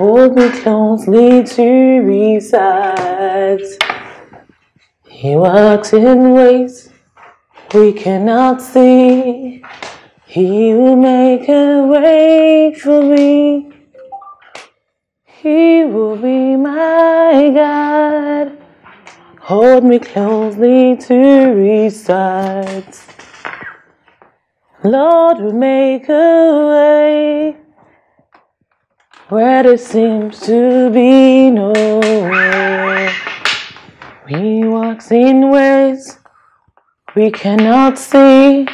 me closely to resides. He walks in ways we cannot see. He will make a way for me. He will be my God. Hold me closely to resides. Lord will make a way where there seems to be no way. He walks in ways we cannot see.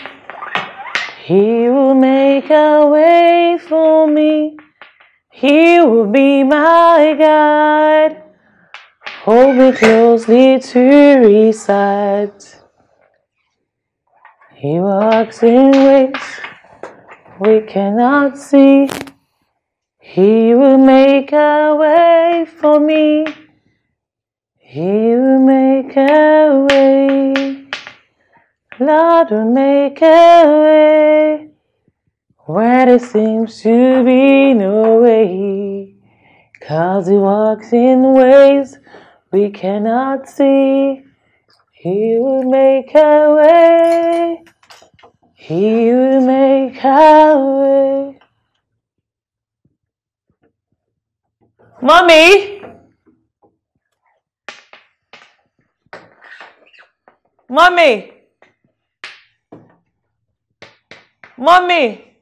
He will make a way for me. He will be my guide. Hold me closely to his side. He walks in ways we cannot see. He will make a way for me. He will make a way. Lord will make a way where there seems to be no way. Cause He walks in ways we cannot see. He will make a way. He will make a way. Mummy? Mummy? Mummy?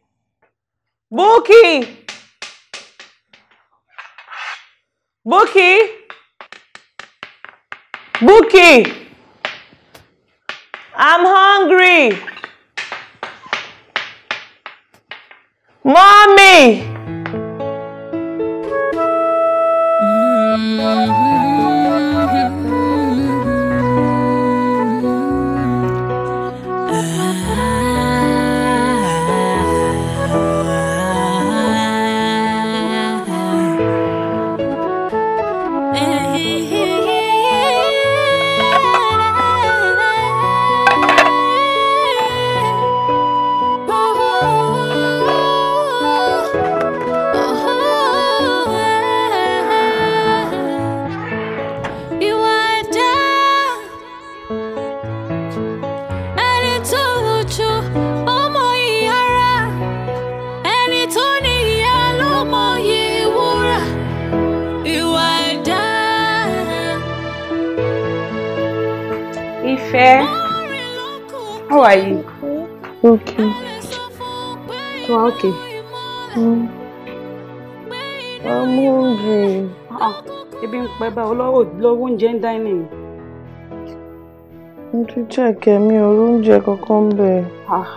Bookie? Bookie? Bookie? I'm hungry. Mommy! pẹ́ bá olówó lówó oúnjẹ ń dáínì ni. mo ti jẹ́kẹ̀ mi ò róúnjẹ kankan ń bẹ̀. gbogbo ah,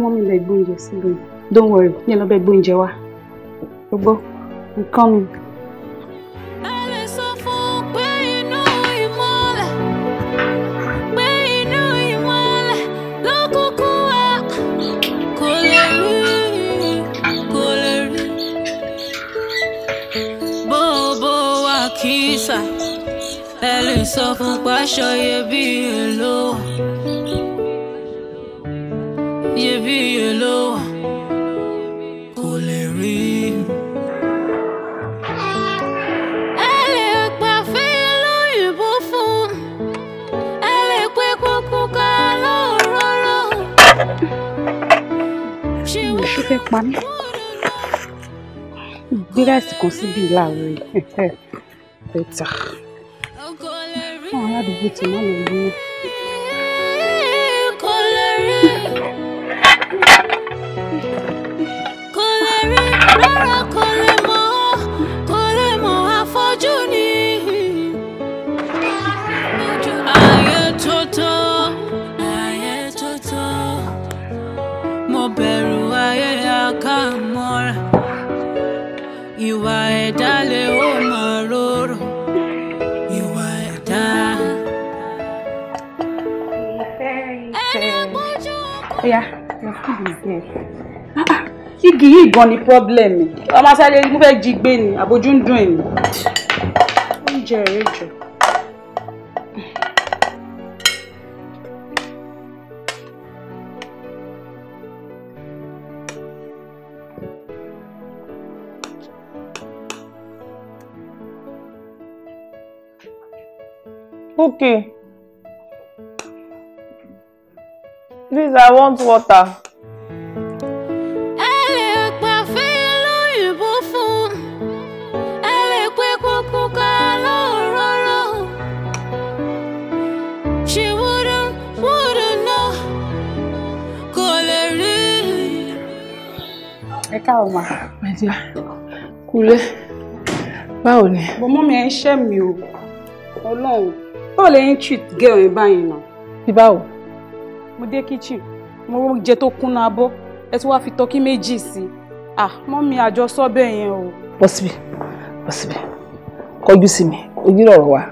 mọ́ mi lè gbóúnjẹ sílẹ̀ don't worry ní ẹ lọ bẹ gbóúnjẹ wá gbogbo nǹkan mi. kan pàṣọ iyebíye ló iyebíye ló kò lè rí. ẹ lè gbà fi lóyìnbó fún ẹ lè pé kúkú ká lóòróró. mo ṣe fẹ́ pa mí gbé láti síbi ìlà rẹ̀ ẹ̀ẹ́dẹ́gbẹ̀ta aládùúgbò ti má lọ lóyún. bẹ̀rù ayé àkàmọ́ra ìwà ẹ̀dá lè wá. Oya, your food is there. Ah, igi yìí gan ni problem mi. Ọmọ sáré mo fẹ́ jí gbé ni, àbójú ń dùn èmi. Oúnjẹ rẹ̀ jọ. Okay. Please, I want water. My dear, kúlé. Báwo ni? Bọ̀ mọ́ mi ẹ ń ṣẹ́ mi o. Ọlọ́run. treat girl yẹn báyìí náà? Bí mo dé kitchen mo rò oúnjẹ tó kúnná abọ́ ẹ tún wá fi tọ́kí méjì sí i ah mọ́mì àjọsọ bẹ́ẹ̀ yẹn o. bọ́ síbi bọ́ síbi kọjú sí mi ojú lọ̀rọ̀ wa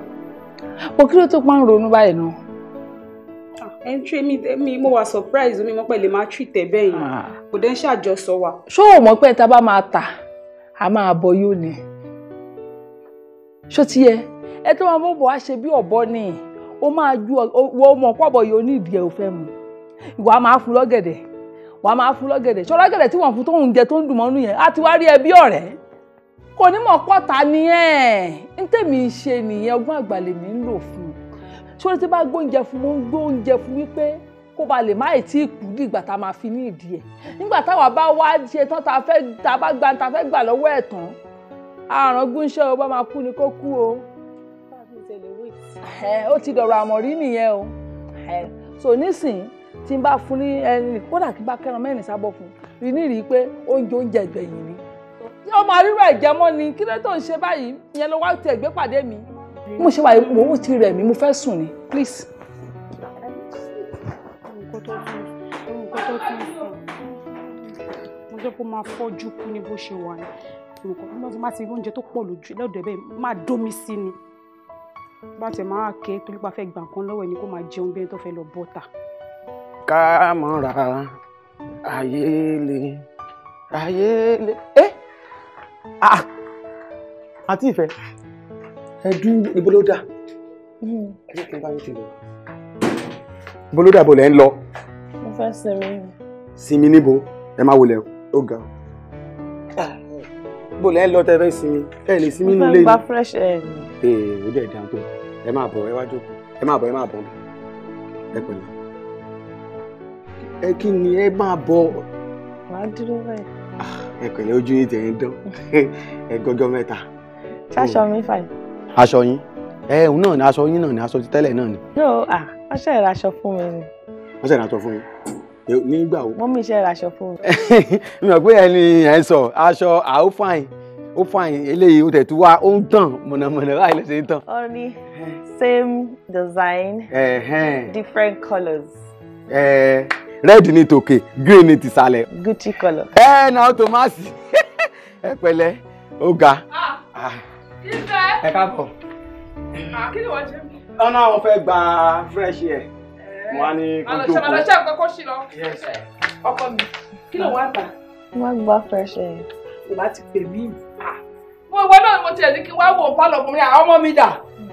mo kí ló tó pa ń ronú báyìí náà. Ah, ẹ ń tre mi mi mo wà surprise mi mo pẹ̀lẹ́ máa treat ẹ bẹ́ẹ̀ yẹn ah. kò dẹ́ ń ṣàjọsọ wa. ṣó o mọ̀ pé ta bá máa tà á máa bọ yóò ní. ṣó ti yẹ ẹ tó máa mú bọ̀ á ṣe bí ọ̀bọ nìyí ó máa ju wo mọ̀ pọ̀bọ̀ yìí ó ní ìdí ẹ̀ ò fẹ́ mu ìwà máa fún lọ́gẹ̀dẹ̀ wàá máa fún lọ́gẹ̀dẹ̀ ṣọ́ lọ́gẹ̀dẹ̀ tí wọ́n fún tóun jẹ tó ń dùn mọ́nú yẹn á ti wá rí ẹbí ọ̀rẹ́ kò ní mọ̀ pọ́ta nìyẹn ń tèmi ṣe nìyẹn ọgbọ́n àgbà lèmi ń lò fún un ṣọ́ni tí bá gbóúnjẹ fún mo ń gbóúnjẹ fún wípé kó ba lè má ì tí ì kú di ìgbà tá a máa fi ní ìdí ẹ̀ nígbà táwa bá wá ṣe tán tá a fẹ́ tá a gbà lọ́wọ́ ẹ̀ tán àrùn gúnṣẹ́ o máa kú ni kó kú o ó ti dọ̀rọ̀ àmọ̀rí nìyẹn o so nísìnyí tí n bá fún ní ẹni kódà kí n bá kẹran mẹ́rin sábọ̀ fún rí ní rí i pé oúnjẹ oúnjẹ ìgbẹ̀yìn ni ọmọ àríwá ìjẹmọ́ ni kí ló tó ń ṣe báyìí ìyẹn ló wá ti ẹ̀gbẹ́ pàdé mi. mo ṣe wà mo ó ti rẹ̀ mí mo fẹ́ sùn ni please. nǹkan tó tún nǹkan tó tún sọ mo jẹ́ kó máa fọ́jú kú ní bó ṣe wà ní olùkọ́ bí wọ́n ti máa ti rí oúnjẹ tó pọ̀ lójú lọ́dọ̀ ẹ̀ bẹ́ẹ̀ máa dómi sí ni bá ti máa ké torí pa fẹ́ gbà nǹkan lọ́wọ́ ẹni kó máa jẹun bí ẹni tó fẹ́ lọ bọ́ta. ká mọ́ra ayé le ayé le ẹ́ eh! ah! àti ìfẹ́ ẹ̀dùn níbo ló dà hmm. ẹ̀dùn kí n bá yín ti lọ. níbo ló lẹ́ ń lọ. mo fẹ́ sinmi. sinmi níbo ẹ máa wọlé o ga o bò lẹ́yìn lọ tẹ́ fẹ́ sinmi ẹ lè sinmi nílé yìí. mo fẹ́ fresh air ni. ee o dẹ̀ dáa tó ẹ máa bọ̀ ẹ wá jókòó ẹ máa bọ̀ ẹ máa bọ̀ ẹ pẹ̀lẹ́. ẹ kí ni ẹ máa bọ̀. wàá dúró bẹ́ẹ̀. Ah, ẹ pẹ̀lẹ́ ojú yìí tẹ̀yìn dán ẹ gọ́gọ́ mẹ́ta. ṣáṣọ mi fà yìí. aṣọ yín ẹ òun náà ni aṣọ yín náà ni aṣọ ti tẹ́lẹ̀ náà ni. yóò à ah, wọ́n ṣẹ̀ ra aṣọ fún mi ni. wọ́n ṣẹ̀ ra aṣọ fún yín nígbà wo. mọ́mí iṣẹ́ raṣọ fún mi. mi ò pé ẹni ẹ̀ sọ aṣọ àó fàìn ó fàìn eléyìí ó tẹ̀ wá ó ń tàn mọ̀nàmọ̀nà láì lè ṣe ń tàn. ó same design different colours. red ní tòkè green ní tìsàlẹ̀. gucci colour. ẹ na ó tòmásì ẹ pẹ̀lẹ́ ó ga. Ah, ah. ẹ káàbọ̀. Ah, kí ni wọ́n jẹ́ mi. ọ̀nà àwọn fẹ́ gba fresh air wọn á ní kó jókòó. àlọ́ ṣe àkọ́kọ́ sí lọ. ọkọ mi kí ló wá gbà. wọ́n gba fresh air. ìbá ti pè mí. mo ìwọ náà mo tiẹ̀ ní kí wá wo pálọ̀ àwọn ọmọ mi dà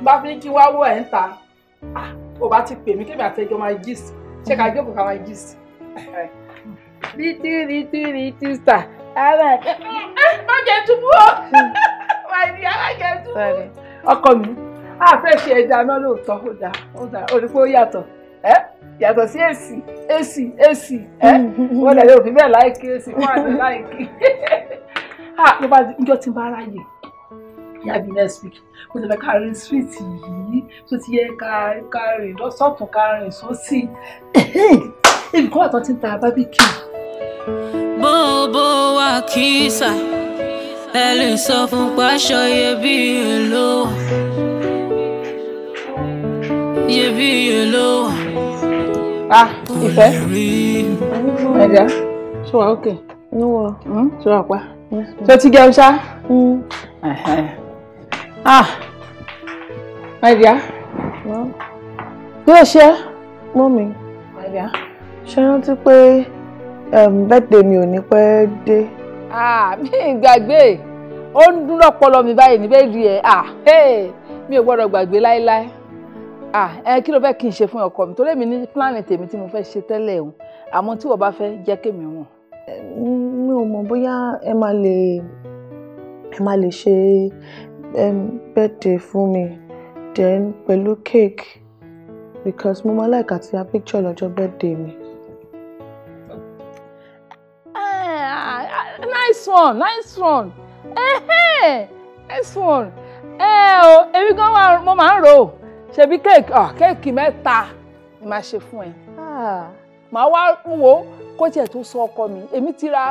bá fi ní kí wá wo ẹ̀ ń ta. ò bá ti pè mí kébì àtẹjọ́ máa gist ṣé ká jókòó ká máa gist. bítí bítí bítí sà. má jẹ túbú o má jẹ túbú. ọkọ mi a fẹ́ ṣe ẹja náà lóòótọ́ ó dáa ó dáa ó yàtọ̀ ẹ́ yàtọ̀ sí èsì èsì èsì ẹ́ wọ́n lè òfin bẹ́ẹ̀ láìkí èsì fún àti láìkí ló bá níjọ́ tí n bá ráyè yà bí next week mo ti fẹ́ ká rìn street yìí tó ti yẹ ká ká rìn lọ́sọ̀tún ká rìn sósì nǹkan àtọ́ ti ń ta bábíkì. bó bó wa kì í sà ẹ lè sọ fún pàṣọ iyebíye ló iyebíye ló wà ah ìfẹ́ ẹ̀dá ṣé wàá òkè hmm? ṣé wàá pa ṣé ti jẹun ṣá hmm. ah ẹ̀dá yóò ṣe mọ́mì ẹ̀dá ṣe rántí pé um, bẹ́tẹ̀ mi ò ní pẹ́ dé. Ah, mi gbàgbé ó ń dún lọ́pọlọ mi báyìí níbẹ̀ rí ẹ̀ ah, mi ò gbọ́dọ̀ gbàgbé láéláé ah ẹ kí ló fẹ́ kí n ṣe fún ọkọ mi torí èmi ní planning tèmi tí mo fẹ́ ṣe tẹ́lẹ̀ o àmọ́ tí wọ́n bá fẹ́ jẹ́ kémi wọn. mi ò mọ̀ bóyá ẹ máa lè ẹ máa lè ṣe birthday fún mi then pẹ̀lú cake because mo máa like àti ya picture lọ́jọ́ birthday mi. nice one nice one eh, eh, nice one ẹ o èmi gan mo máa ń rò ó ṣebí kéèkì ọ kéèkì mẹ́ta ni màá ṣe fún ẹ ah. màá wá wo kó tiẹ̀ tó sọ ọkọ mi èmi ti ra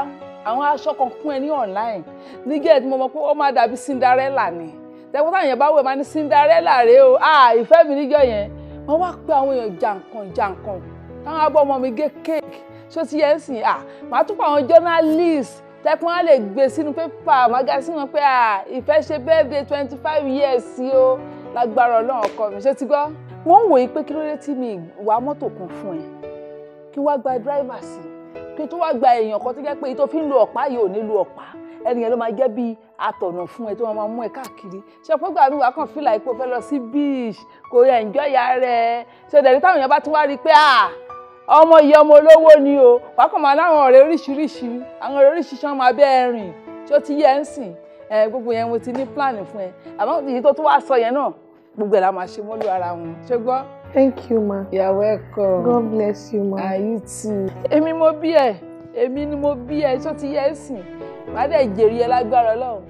àwọn aṣọ kan fún ẹ ní online nígẹ̀ tí mo mọ̀ pé ó máa dàbí Cinderella ni tẹ́kọ́ táwọn èèyàn bá wẹ̀ máa ní Cinderella rèé o ah, ìfẹ́ mi níjọ́ yẹn wọ́n wá pé àwọn èèyàn jàǹkàn jàǹkàn táwọn abọ́ ọmọ mi gé kéèkì ṣó ti yẹn sìn ah, màá tún pa àwọn journalist tẹ́kùn á lè gbé sínú pépà magazine wọn pé ìfẹ́ ṣe birthday twenty five years sí o lágbára ọlọ́run ọkọ mi ṣé ti gbọ́ mo ń wòye pé kí ló dé tí mi wá mọ́tò kan fún ẹ kí wá gba dráìvà sí kí tó wá gba èèyàn kan tó jẹ́ pé èyí tó fi ń lo ọ̀pá yìí ò ní lo ọ̀pá ẹnìyẹn ló máa jẹ́ bíi atọ̀nà fún ẹ tó máa mú ẹ káàkiri ṣe fúngbà mi wà kàn fìlà ipò fẹ́ lọ sí beach kò yẹ ǹjọ́ ya rẹ ṣe dẹ̀rí táwọn èèyàn bá ti wá rí i pé ọmọ yìí ọmọ olówó ni o wà kàn máa láwọn ọ̀rẹ́ oríṣiríṣi àwọn ọ̀rẹ́ oríṣiríṣi wọn máa bẹ́ẹ̀ rìn tí ó ti yẹ ń sìn ẹ gbogbo yẹn mo ti ní pílánì fún ẹ àmọ́ èyí tó tún wá sọ yẹn náà gbogbo ẹ̀ la máa ṣe mọ́lú ara wọn ṣé gbọ́. thank you ma. you are welcome. god bless you ma. àyè tì. èmi mo bí ẹ èmi ni mo bí ẹ tó ti yẹ ẹ sìn má dẹ̀ jèrè ẹ lágbára Ọlọ́run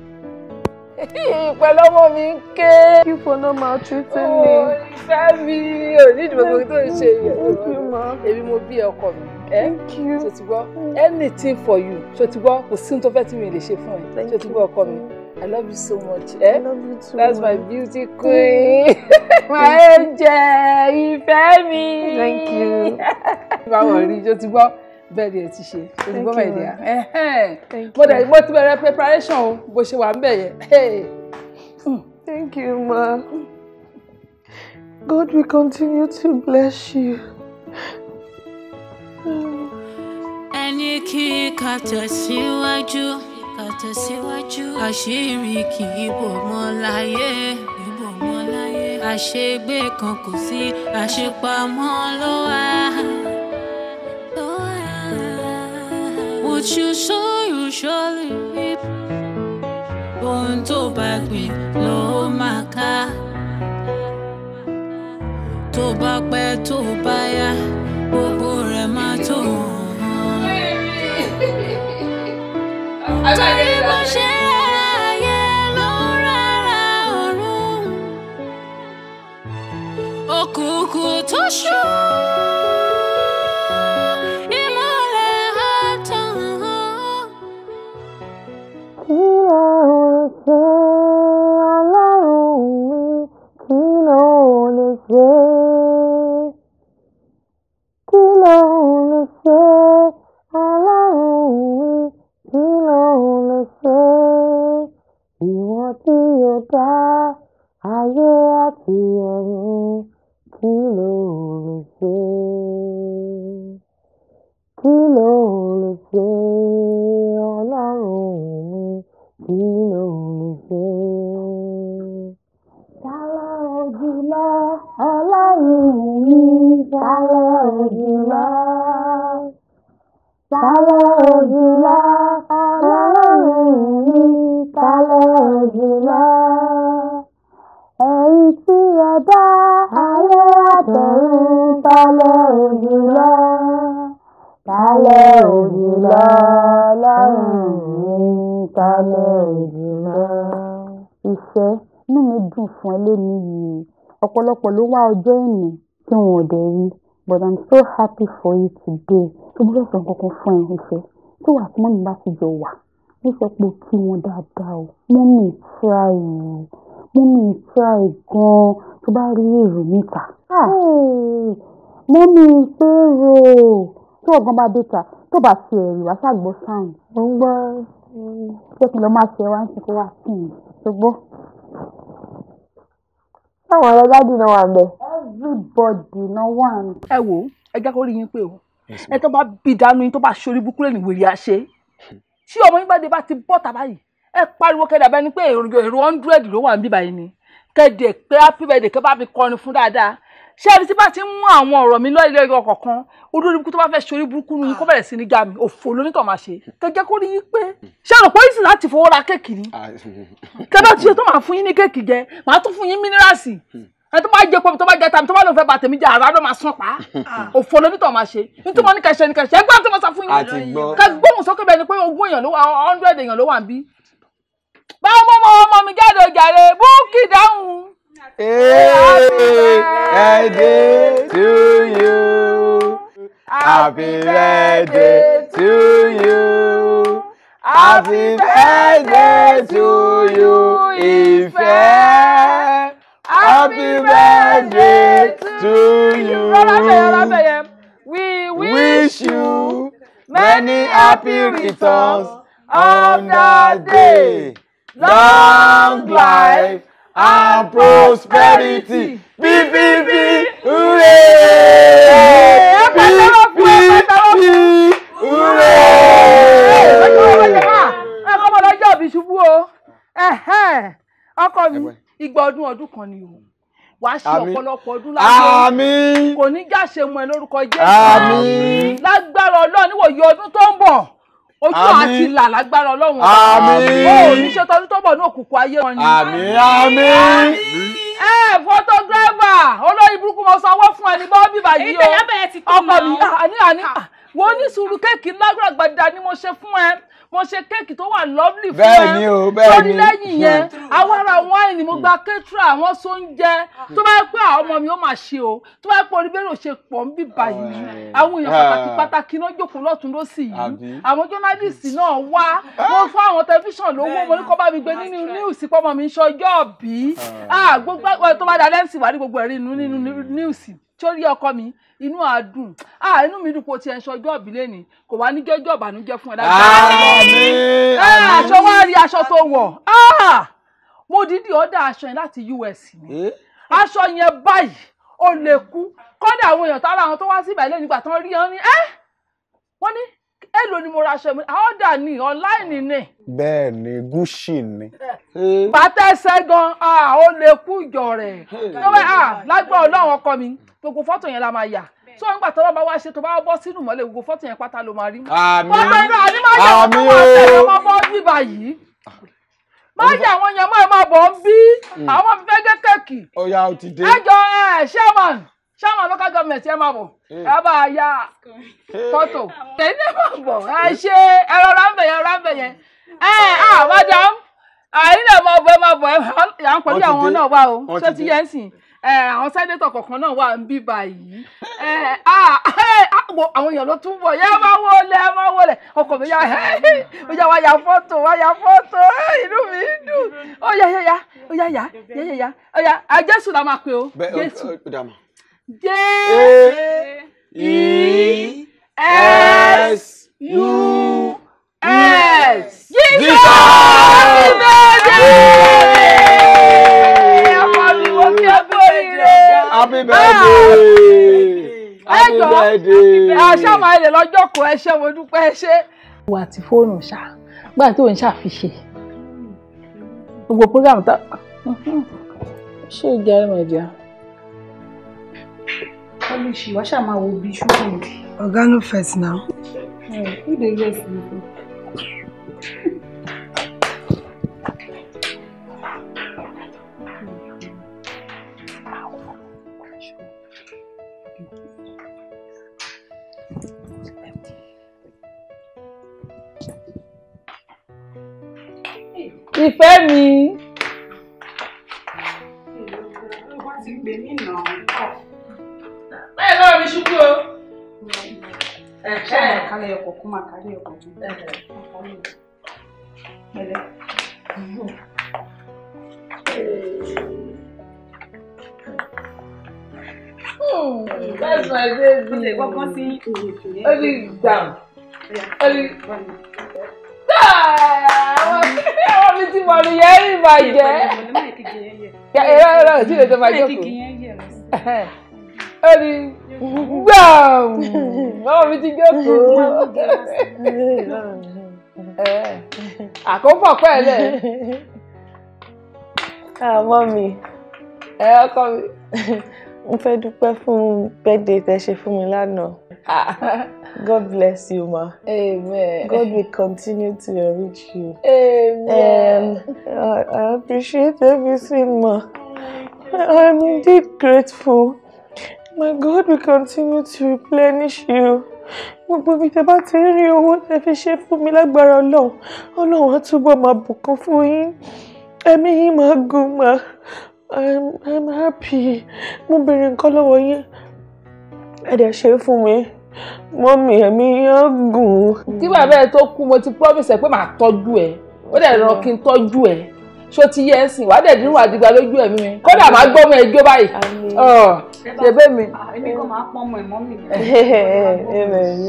pẹ̀lú ọmọ mi ń ké. kí fọnà máa tútù ní. ìfẹ́ mi ò ní ìdìbò gbogbo tó ń ṣe yẹn. èmi mo bí ọkọ mi thank you So ti gbọ́ anything for you So ti gbọ́ kò sí tó fẹ́ tí mi lè ṣe fún ẹ ṣe ti gbọ́ ọkọ mi i love you so much eh? i love you too that's my beauty queen my angel ìfẹ́ mi thank you báwo rí ṣe ti gbọ́ bẹ́ẹ̀ ni ẹ ti ṣe ṣe ti gbọ́ bẹ́ẹ̀ ni à mo dẹ̀ mo ti bẹ̀rẹ̀ preparation o bó ṣe wà ń bẹ̀ yẹn. Hmm. thank you ma God will continue to bless you ẹni kí ká tẹ̀síwájú ká tẹ̀síwájú àṣírí kì í bò mọ́ láyé bò mọ́ láyé àṣegbé kan kò sí àṣepamọ́ ló wà. What you sow you surely reap. Ohun tó bá gbìn ló máa ká. Tó bá pẹ́ tó bá yá. torí bó ṣe ayé ló rárá ọ̀run òkùnkùn tó ṣú. Ìmọ́lẹ̀ á tàn án. Kí ló ń ṣe? dá ayé àti ọ̀run kí ló lè ṣe kí ló lè ṣe ọlọ́run mi kí ló lè ṣe. Tálá òjìlá ọlọ́run mi tálá òjìlá tálá òjìlá. bá ayé àtọ̀run balẹ̀ òjìlọ balẹ̀ òjìlọ lọ́rùn mi balẹ̀ òjìlọ. ìfẹ́ inú mi dùn fún ẹ lónìí yìí ọ̀pọ̀lọpọ̀ ló wá ọjọ́ ìní tí wọn ò dẹ̀ rí but i'm so happy for you today tó gbọ́dọ̀ sọ kankan fún ẹ ìfẹ́ tó wà tí mọ́mí bá ti jọ wà ó sọ pé kí wọn dáadáa o mọ́mí try o mọ́mí try gan-an tó bá rí èrò níta. Ah. mọ́mí pérò tó ọ̀gán bá dé ta tó bá ti ẹ̀rù wá ṣàgbọ́ sáyìn. mo ń gbọ́ pé kí ló máa ṣe wá ń ṣe kó wá sí i ṣùgbọ́n. táwọn ọ̀rẹ́ gádì náà wà bẹ́ẹ̀. everybody náà one. ẹ wo ẹ jẹ́ kó rí yín pé o ẹ tó bá bí dánú yín tó bá ṣorí búkúrẹ́ nìwèrè àṣẹ tí ọmọ yín bá dé bá ti bọ́ tàbá yìí ẹ pariwo kẹ́dà bẹ́ẹ̀ ni pé èrò hundred ló wà ń bíbá yìí ni kẹ́dẹ̀ pé happy birthday kẹ́ bá mi kọrin fún dáadáa ṣé ẹni tí bá ti ń mú àwọn ọ̀rọ̀ mi lọ́ọ̀lẹ́ ọkọ̀ kan olórí burúkú tó bá fẹ́ ṣorí burúkú nu yín kó bẹ̀rẹ̀ sí ní ga mi òfò lónítọ̀ máa ṣe kẹjẹ kó rí yín pé ṣé àrò pé ìsìn láti fowó ra kéèkì ni kẹbẹ́ ti ṣe tó máa fún yín ní kéèkì jẹ màá tún fún yín mínírààsì ẹni tó bá jẹ pọ̀ mi tó bá jẹ tàbí tó bá lòun fẹ́ bà tèmi jẹ àrà ló máa sàn pa òfò lónítọ̀ máa ṣe nítorí wọn ní kẹṣẹ ní kẹṣẹ ẹgbẹ́ àti mọ̀sá fún yín kẹgbóhùn sókè ni pé ogún èèyàn ló wà hundred èèyàn ló wà ń bí bá ọmọ ọmọ ọmọ mi jáde òjàre búùkì dáhùn. Happy birthday to you. Happy birthday to you. Happy birthday to you, Ìfẹ́. Happy birthday to you. We wish you many happy returns of the day. Long life and prosperity. PPP, hooray! PPP, hooray! Ẹ kọ́ mọ́ lọ́jọ́ òbí ṣubú o. Ọkọ mi, igba ọdún ọdún kan ni o wàá ṣe ọ̀pọ̀lọpọ̀ ọdún lágbára kò ní jáṣe mọ́ ẹ lórúkọ Jésù lágbára Ọlọ́run níwòye ọdún tó ń bọ̀ ojú àti ìlà lágbára ọlọ́run ọba ó oníṣẹ́ tọdún tó bọ̀ ní òkùnkùn ayé wọn ni. ẹ fọtọgírẹ́fà olórí burúkú mo sanwó fún ẹni bọ́ bíbá yìí o ọkọ mi àní àní wo ní sùúrù kéèkì lágbàgbà ni mo ṣe fún ẹ mo ṣe kéèkì tó wà lovely fún ẹ bẹ́ẹ̀ ni o bẹ́ẹ̀ ni lẹ́yìn yẹn àwọn ará wáìn ni mo gba kẹ́tìrà àwọn sóúnjẹ ah. tó bá yẹ pé àwọn ọmọ mi ó máa ṣe o tó bá yẹ pé oníbẹ̀rẹ̀ ṣe pọ̀ ń bí báyìí àwọn èèyàn ah. pàtàkì pàtàkì náà jókòó lọ́tún lọ́sì yìí àwọn jọ́nálìsì náà wá mo ah. fún àwọn tẹlifíṣàn lówó mo ní kó bá mi gbé nínú níwùsì pọ́mọ mi ń ṣọjọ́ bí gbogbo tó bá dá lẹ́sìn wá ní gbogbo ẹ̀rí nínú hmm. níwùsì torí ọkọ mi inú àdùn ah inú mi dùn kó tiẹ̀ ń sọjọ́ ìbílẹ̀ ni kò wá ní jẹ́jọ́ ìbànújẹ́ fún ẹ dájú. àmín ah, àmín aṣọ wa rí aṣọ tó wọ̀ ah, mo dídì ọ̀dà aṣọ yẹn láti US ni eh? aṣọ yẹn báyìí ó lè kú kọ́dà àwọn èèyàn tára àwọn tó wá sí ìbàlẹ̀ nígbà tán rí ẹ ní eh? wọ́n ní èlò ni mo ra aṣọ mi ọ̀dà ni ọ̀nláìnì ni. bẹ́ẹ̀ ni gúúsì ni. bàtà hmm. ẹsẹ̀ gan ó lè kú ìjọ rẹ̀ hmm. lágbára ọlọ́run ọkọ mi gbogbo fọ́tò yẹn la máa yà tó ń gbà tọ́lọ́ bá wá ṣe tó bá bọ́ sínú mọ́lẹ̀ gbogbo fọ́tò yẹn pátá ló máa rí. àmì àmì ó máa bọ́ bí báyìí má yà àwọn yẹn mọ́ ẹ máa bọ̀ ń bí hmm. àwọn fẹ́ gẹ́kẹ́kì. ó yá ó ti dé. ẹ jọ ẹ ṣẹ́wọ̀n. chairman local government ẹ máa bọ̀ ẹ bá a ya fọ́tò ẹni máa bọ̀ ẹ ṣe ẹrọ rámbẹ̀ yẹn rámbẹ̀ yẹn ẹ ah madam náà máa ẹ máa ẹ ń àwọn náà o ya fọ́tò wá fọ́tò inú mi dùn ó ó J E S U S. Jesus! Happy birthday! Happy birthday! Àṣà máa lè lọ́jọ́ kan ẹ ṣé mo dúpẹ́ ẹ ṣé. Wà á ti fóònù ṣá, gbà tó ń ṣàfiṣe. Gbogbo program tá. Ṣé ìjà ẹ̀ máa jẹun? olùsí wàá ṣáà máa wo bí ṣúgbọ́n mi. no first now. who dey yes you go. ìfẹ́ mi. ìlú ọgbọ́n ti gbé nínà ọ̀pọ̀ ṣubú o. ṣáà kálẹ̀ ọkọ̀ kó máa kálẹ̀ ọkọ̀ tó bẹ̀rẹ̀. That's my baby. Only down. Only wọ́n mi ti mọ̀nù yẹn rí ìbàjẹ́. Ẹ̀rọ ẹ̀rọ ìdílé tó máa jókòó ẹni gbàù ọmọ mi ti jókòó àkópọ̀ pẹ̀lẹ́. àmọ́ ah, mi. ẹ ọkọ mi. mo fẹ́ dúpẹ́ fún birthday tẹ́ ṣe fún mi lánàá. God bless you, ma. Amen. God will continue to enrich you. Amen. Um, I, I appreciate everything, ma. I'm indeed grateful. My God will continue to replenish you. Gbogbo mi tẹ bá ti ń rí owó tẹ fi ṣe fún mi lágbára Ọlọ́run. Ọlọ́run á túbọ̀ máa bùkún fún yín. Ẹ̀mí yín máa gùn mà. I'm I'm happy. Mo béèrè nǹkan lọ́wọ́ yín. Ẹ dẹ̀ ṣe é fún mi. Mọ́mì ẹ̀mí yín á gùn. Tí bàbá ẹ tó kú mo ti promise ẹ pé màá tọ́jú ẹ. Ó dẹ̀ rán kí n tọ́jú ẹ ṣó ti yẹ ẹ sìn wàá dẹ̀ dínwó àdìgbà lójú ẹ̀mí mi kódà màá gbọ́ ọmọ ẹjọ́ báyìí ṣebí mi. Ah, èmi kò máa pọ́n ọmọ ẹ̀mọ́ mi.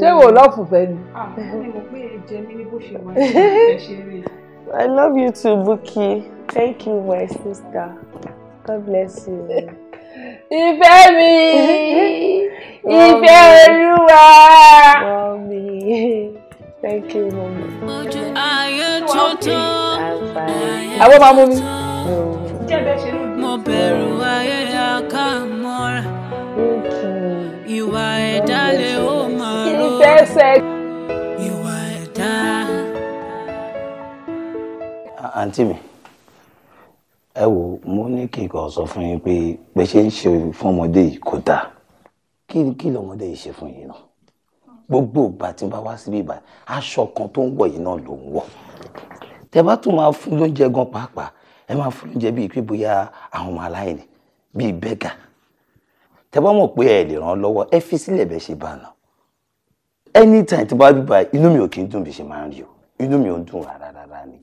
ṣé wò lọ́fùfẹ́ ah, ni. I love you too, Buki. Thank you, my sister. God bless you. Ìfẹ́ mi, ìfẹ́ Olúwa. thank you, mọ́mí. Ojú ayé tuntun. Àwọn máa mú mi jẹ́ bẹ́ẹ̀ ṣe lójú. mo bẹ̀rù ayé àkàmọ́ra ìwà ẹ̀dá lè ó máa rò ìwà ẹ̀dá. àǹtí mi ẹ wo mo ní kí n kàn sọ fún yín pé pé ṣe ń ṣe fún yìí kò dáa kí kí lọmọdé yìí ṣe fún yín náà gbogbo ìgbà tí n bá wá síbí ìbàdàn aṣọ kan tó ń wọ̀ yìí náà ló ń wọ̀ tẹ bá tún máa fún lóúnjẹ gan pàápàá ẹ máa fún oúnjẹ bíi pé bóyá àwọn ọmọ aláìní bíi bẹ́gà tẹ bá mọ̀ pé ẹ lè ràn án lọ́wọ́ ẹ fi sílẹ̀ bẹ́ẹ̀ ṣe bá a nà anytime tí bá bí ba inú mi ò kì í dùn bí ṣe máa ń rí o inú mi ò ń dùn rárá rárá ni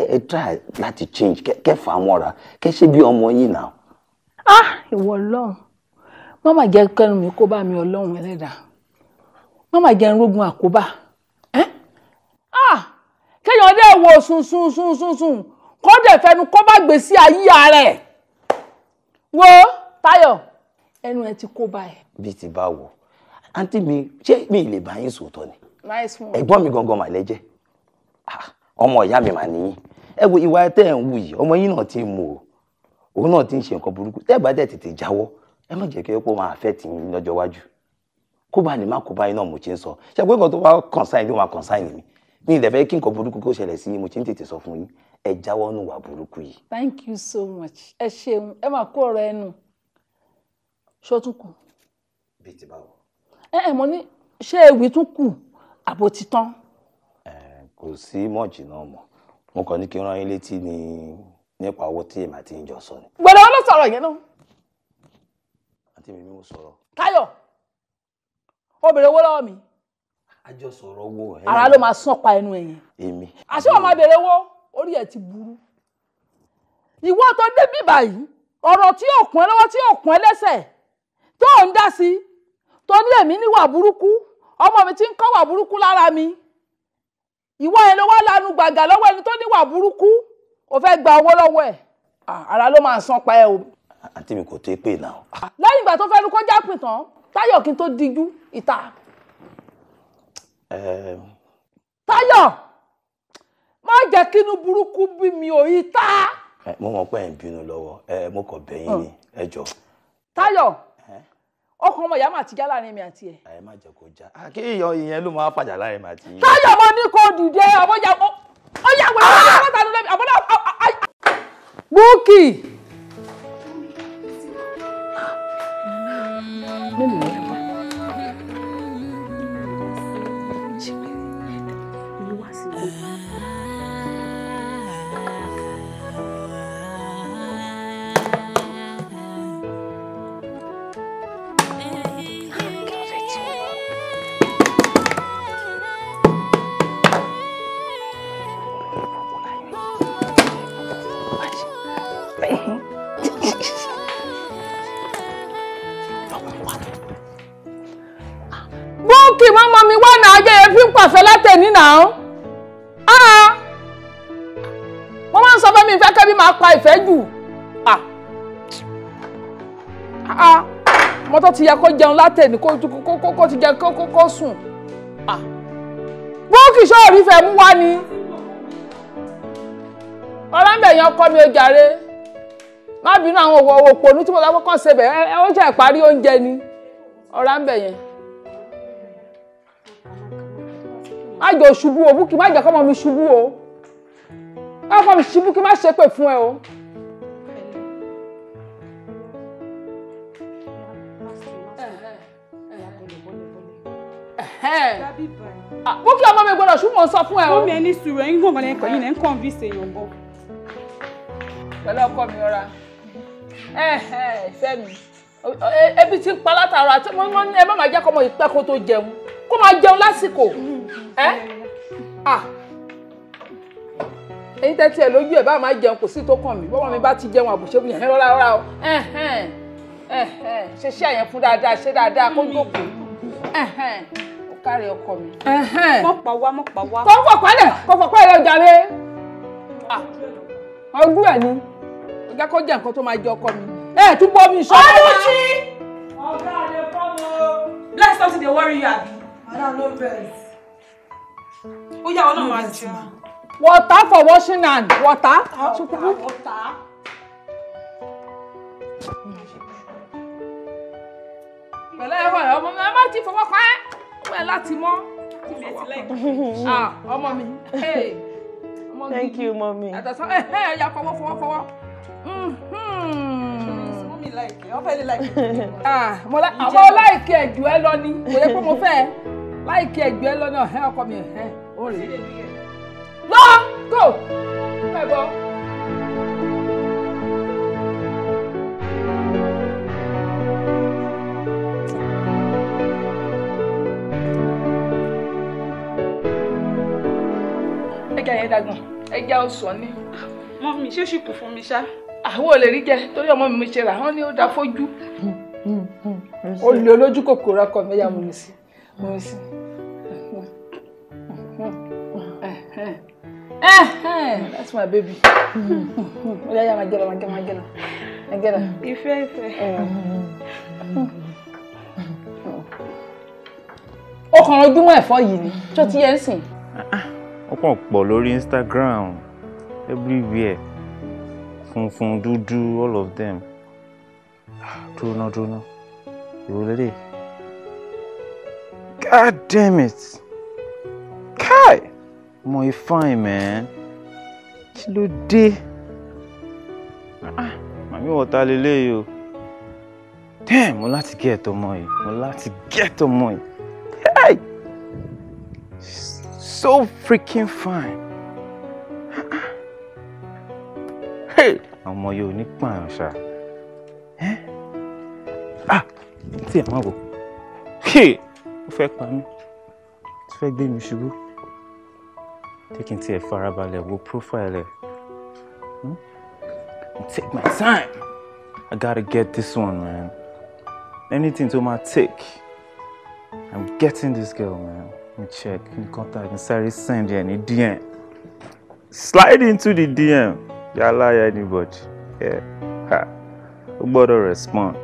ẹ ẹ try láti change kẹ fà á mọ́ra kẹ ṣe bí ọmọ yìí náà. ah ìwọ Ọlọ́run má mà jẹ́ kẹ́nu mi kó bá mi Ọlọ́run Ẹlẹ́dàá má mà jẹ́ nrógun àkóbá ah kéèyàn dé wo sùn sun sun sun sun kó dẹ̀ fẹnu kó bá gbé sí ayé ara ẹ̀ wo Táyọ̀ ẹnu ẹ ti kó báyìí. bí ti bá wò àǹtí mi ṣé mi ì lè bá yín sòótọ́ ni ẹ̀gbọ́n mi gangan mà lẹ́jẹ̀ ah, ọmọ ìyá mi mà nìyí ẹ wo ìwà tẹ́ ẹ̀ ń wù yìí ọmọ yín náà ti mú o òun náà ti ń ṣe nǹkan burúkú tẹ́ ẹ̀ bá dẹ̀ tètè jáwọ́ ẹ má jẹ́ kí ó máa fẹ́ tì yín lọ́jọ́ iwájú kó bá lè má kó báyìí náà mo ti ń sọ ṣe pé nǹkan tó bá consign ló máa consign mi ní ìdẹ̀fẹ́ kí nǹkan burúkú kó ṣẹlẹ̀ sí mo ti ń tètè sọ fún yín ẹ jáwọ́ nù wà burúkú yìí. thank you so much ẹ ṣeun ẹ máa kó ọ̀rọ̀ ẹnu ṣótúnkù. bíi ti báwo. ẹ ẹ mo ní ṣé ewì tún kù àbò ti tán. kò sí mọ́ọ̀jì náà mọ́ mo kàn ní kí n rán yín létí ni nípa owó tí èmi àti yín jọ sọ ni. gbọ́dọ̀ wọn ló sọ̀rọ̀ yẹn náà. àti mi ni mo sọ̀rọ̀. obìnrin owó lọ́wọ́ mi. a jọ sọ̀rọ̀ owó. ara ló máa sàn pa ẹnu ẹ̀yìn. èmi. àṣé wọn máa béèrè owó orí ẹ̀ ti burú ìwọ tó débí báyìí ọ̀rọ̀ tí yóò kún ẹ lọ́wọ́ tí yóò kún ẹ lẹ́sẹ̀ tó ń dá sí tó ní èmi níwà burúkú ọmọ mi ti ń kọ́ wà burúkú lára mi ìwọ yẹn ló wá lanu gbàgà lọ́wọ́ ẹni tó níwà burúkú ò fẹ́ gba owó lọ́wọ́ ẹ̀ ara ló máa san pa ẹ o. àǹtí mi kò tó pè náà. lẹ́yìn ìgbà tó fẹ́ nu kó jápè tán táyọ̀ kí n tó dijú ìta. táyọ̀. má jẹ́ kínú burúkú bí mi ò yí tá. mo mọ̀ pé ẹ̀ ń bínú lọ́wọ́ ẹ mo kàn ni ẹ jọ. Tayo, ọmọ ìyá ti já láàrin mi àti ẹ. ẹ má jẹ́ kó já kí iyọ ìyẹn ló máa pàjà láàrin mi àti. Táyọ̀ mo ní kó dìde ọmọ ọmọ tó ti yẹ kó jẹun látẹ̀ni kó ti jẹ kó sùn ah. bókì sọ́ọ̀rí fẹ́ mú wá ni ọlámbẹ̀yàn kọ́ mi ojàre má bínú àwọn òpònú tí mo lọ kọ́kọ́ ṣe bẹ̀ ẹ ó jẹ́ ìparí oúnjẹ ni ọlámbẹ̀yàn má jẹ́ òṣubú o búkì má jẹ́ kọ́mọ mi ṣubú o má kọ́ mi ṣubú kí má ṣépè fún ẹ o. mo sọ fún ẹ o. fún mi ẹni sùúrù ẹyin gbọ̀ngàn lẹ́yìn kọ̀yìn lẹ́yìn kàn fíìsì èèyàn gan. pẹ̀lú ọkọ mi ọ̀ra fẹ́mi e, ebi ti ń pa látara tí mo ní ẹ má máa jẹ́ kó ọmọ ìpẹ́ kó tó jẹun kó máa jẹun lásìkò èyí tẹ́tí ẹ lójú ẹ̀ bá máa jẹun kò sí tó kàn mí bọ́wọ́ mi bá ti jẹun àbùṣẹ́bù yẹn rárá rárá o ṣe ṣe àyẹ̀fún dáadáa ṣe dáadáa kó jókòó káre ọkọ mi. mọ̀ pa wá mọ̀ pa wá. kò fọ̀ pálẹ̀ kò fọ̀ pálẹ̀ ọjà rẹ. ọdún ẹ̀ ni ọjà kó jẹ́ nǹkan tó máa jẹ ọkọ mi. ẹ túbọ̀ mi sọ. ọlùjì. ọ̀gá rẹ fọ́ mi o. let's talk to the warrior abi. madam no vex. ó yà ọ́ máa jù. water for washing hand water. water ah, ah, water. pẹ̀lẹ́ ẹ̀fọ́ ọmọ mi ẹ má ti fọwọ́ pa á wẹ́ láti mọ́. Ah, ọmọ mi thank you mọ́mí. àtàsán ẹ eh, ẹ eh, ya fọwọ́ fọwọ́ fọwọ́. àwọn láìkí ẹ̀jú ẹ lọ ni kò yẹ pé mo fẹ́ láìkí ẹ̀jú ẹ lọ náà ọkọ mi ẹ̀ ó rèé. lọ go. ẹ yẹn dàgbọ̀n ẹja ọsàn ni. mọ́mì ṣé ṣì kù fún mi ṣá. àwọn ò lè rí jẹ torí ọmọ mi ṣe rà wọ́n ní ó da fójú. ó lè olójú kòkòrò ọkọ mi ẹ̀yà mọ̀mí sí mọ̀mí sí. that's my baby. ó yá yá máa jẹ́ lọ máa jẹ́ máa jẹ́ lọ máa jẹ́ lọ. ìfẹ́ ìfẹ́. ó kàn ojúmọ́ ẹ̀fọ́ yìí ni tó ti yẹ ń sìn. Ah, ah ó kàn pọ̀ lórí Instagram everywhere funfun dúdú all of them dúróná ah, dúróná ìwọ lélẹ̀ god damn it kai mo e fine man kí ló dé ah, màmí wọ́ta lélẹ́yìí o damn mo láti gé ẹ̀tọ́ ọmọ yìí mo láti gé ẹ̀tọ́ ọmọ yìí hey so freaking fine. hey, ọmọ yóò ní pààyàn ṣá. ah tí àwọn wò ó fẹ́ pa mí ó fẹ́ gbé mi ṣubú tí kì í tiẹ̀ farabalẹ̀ wo profile ẹ̀. Hmm? Take my time. I gotta get this one, man. Anything to my take. I'm getting this girl, man me check me contact me service send ẹ ní dm slide into the dm yálà anybody yeah. ha o respond.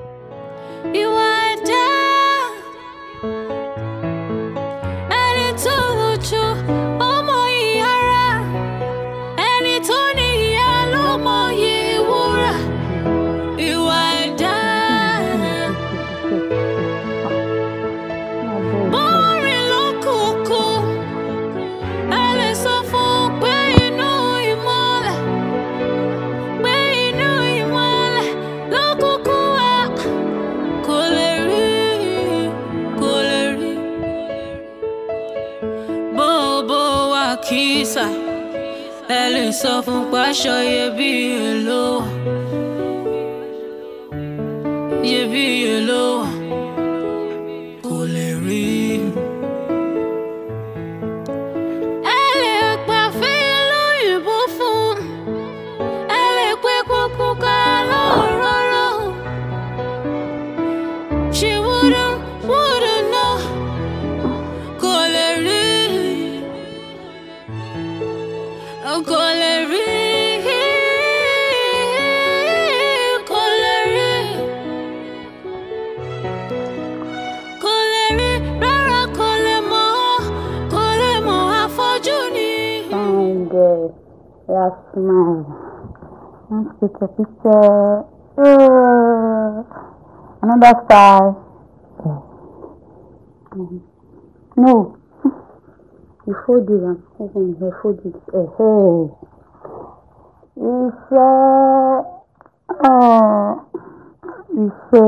rơi The picture. Oh, uh, another style. Mm-hmm. No. You fold it and you fold it. Uh, hey. Iṣẹ́ ìṣe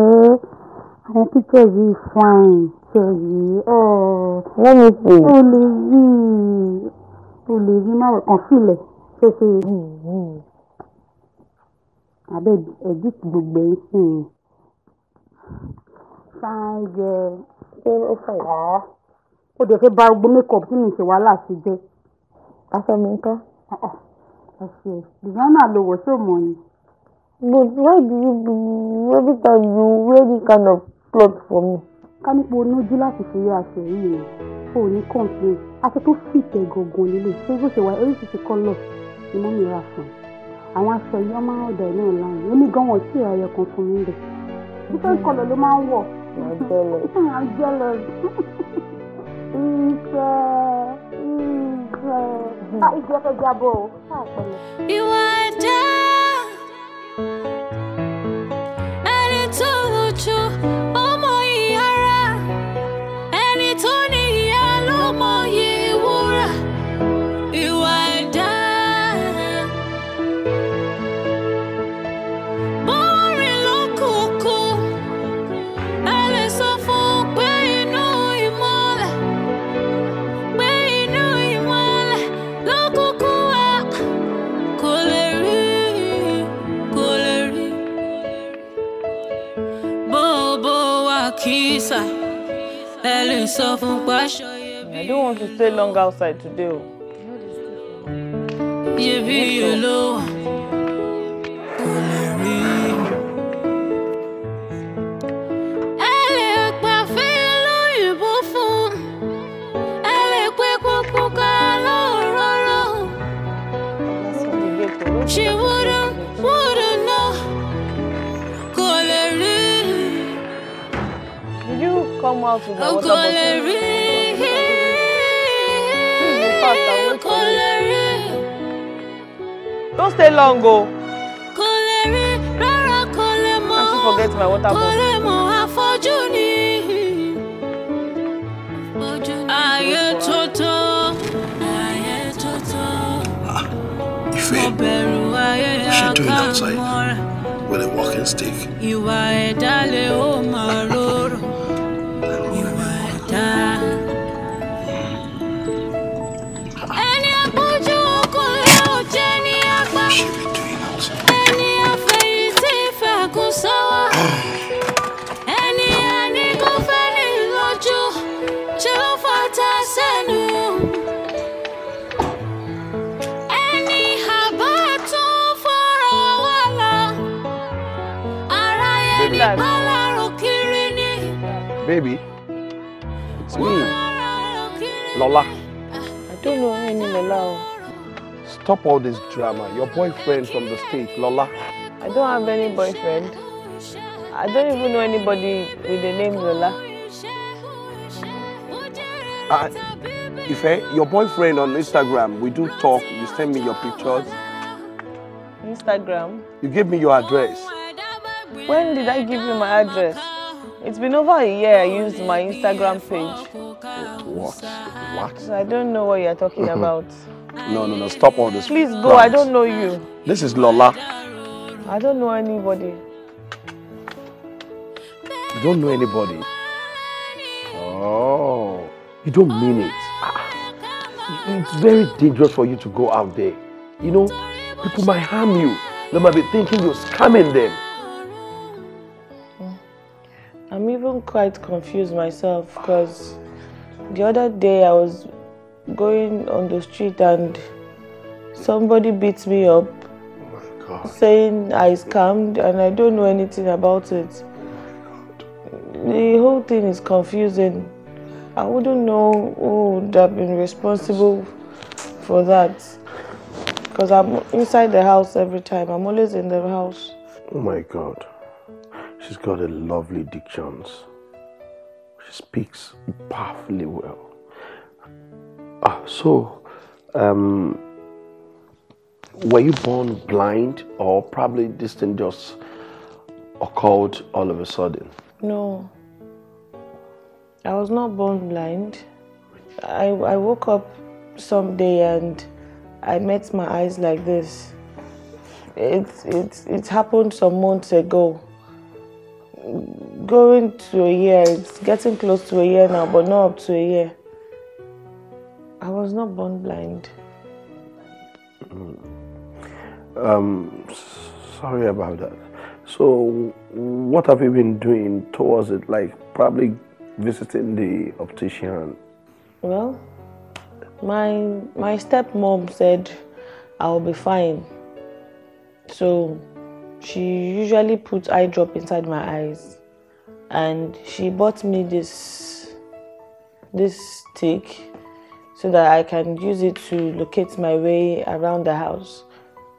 àwọn píkẹ́ yìí fine ṣe yìí oh. let me see. o lè rí i o lè rí i má wọ̀ kàn fìlẹ̀ ṣe abeg edit gbogbo ìsìn ṣáájẹ ṣé ó fẹ́ rà á ó dẹ̀ fẹ́ bà gbogbo makeup tí mi ṣe wàhálà sí jẹ́. aṣọ mi nǹkan. Ah, ah. ẹ ṣe designer ló wọ̀ tó mọ̀ ni. but why do you be every time you wear this kind of cloth for me. ká nípa onójú láti fi rí aṣọ yìí o ò ní complain aṣọ tó fìtẹ̀ gangan lélẹ̀ ṣé bó ṣe wà oríṣiríṣi kọ́lọ̀ ni mọ́mí rà fún un àwọn aṣọ yìí wọ́n máa ń ọ̀dà náà láàyè ó ní gan wọn sí ẹ̀rọ kan fún mi bẹ̀. different colour ló máa ń wọ̀. àjẹlẹ̀. ìfẹ́ ìfẹ́. ìfẹ́ fẹ́ jábọ̀ o. Ah, ìwà ẹ̀ I don't want to stay long outside today. You be you máa ń fi ìgbà wọ́n tọ́pọ̀ sí mi. Kò lè rí. Don't stay long o. Kò lè rí rárá kò lè mọ̀. forget my water bottle. Kò lè mọ̀ àfọ́jú ni. Ayé tó tó. Ayé tó tó. Ìfẹ́, you should do it outside with a walking stick. Ìwà ẹ̀dá lè ó máa Baby, it's me. Lola. I don't know any Lola. Stop all this drama. Your boyfriend from the state, Lola. I don't have any boyfriend. I don't even know anybody with the name Lola. Uh, Ife, your boyfriend on Instagram, we do talk. You send me your pictures. Instagram? You gave me your address. When did I give you my address? It's been over a year I used my Instagram page. What? What? So I don't know what you're talking about. No, no, no. Stop all this. Please go. Plans. I don't know you. This is Lola. I don't know anybody. You don't know anybody? Oh. You don't mean it. Ah, it's very dangerous for you to go out there. You know, people might harm you. They might be thinking you're scamming them. even quite confused myself because the other day I was going on the street and somebody beats me up oh saying I scammed and I don't know anything about it. the whole thing is confusing. I wouldn't know who would have been responsible for that because I'm inside the house every time. I'm always in the house. Oh my God. She's got a lovely diction. She speaks powerfully well. Ah, so, um, were you born blind or probably this thing just occurred all of a sudden? No. I was not born blind. I, I woke up someday and I met my eyes like this. It, it, it happened some months ago going to a year. It's getting close to a year now, but not up to a year. I was not born blind. Um, sorry about that. So, what have you been doing towards it? Like, probably visiting the optician. Well, my my stepmom said I'll be fine. So she usually puts eye drop inside my eyes and she bought me this this stick so that I can use it to locate my way around the house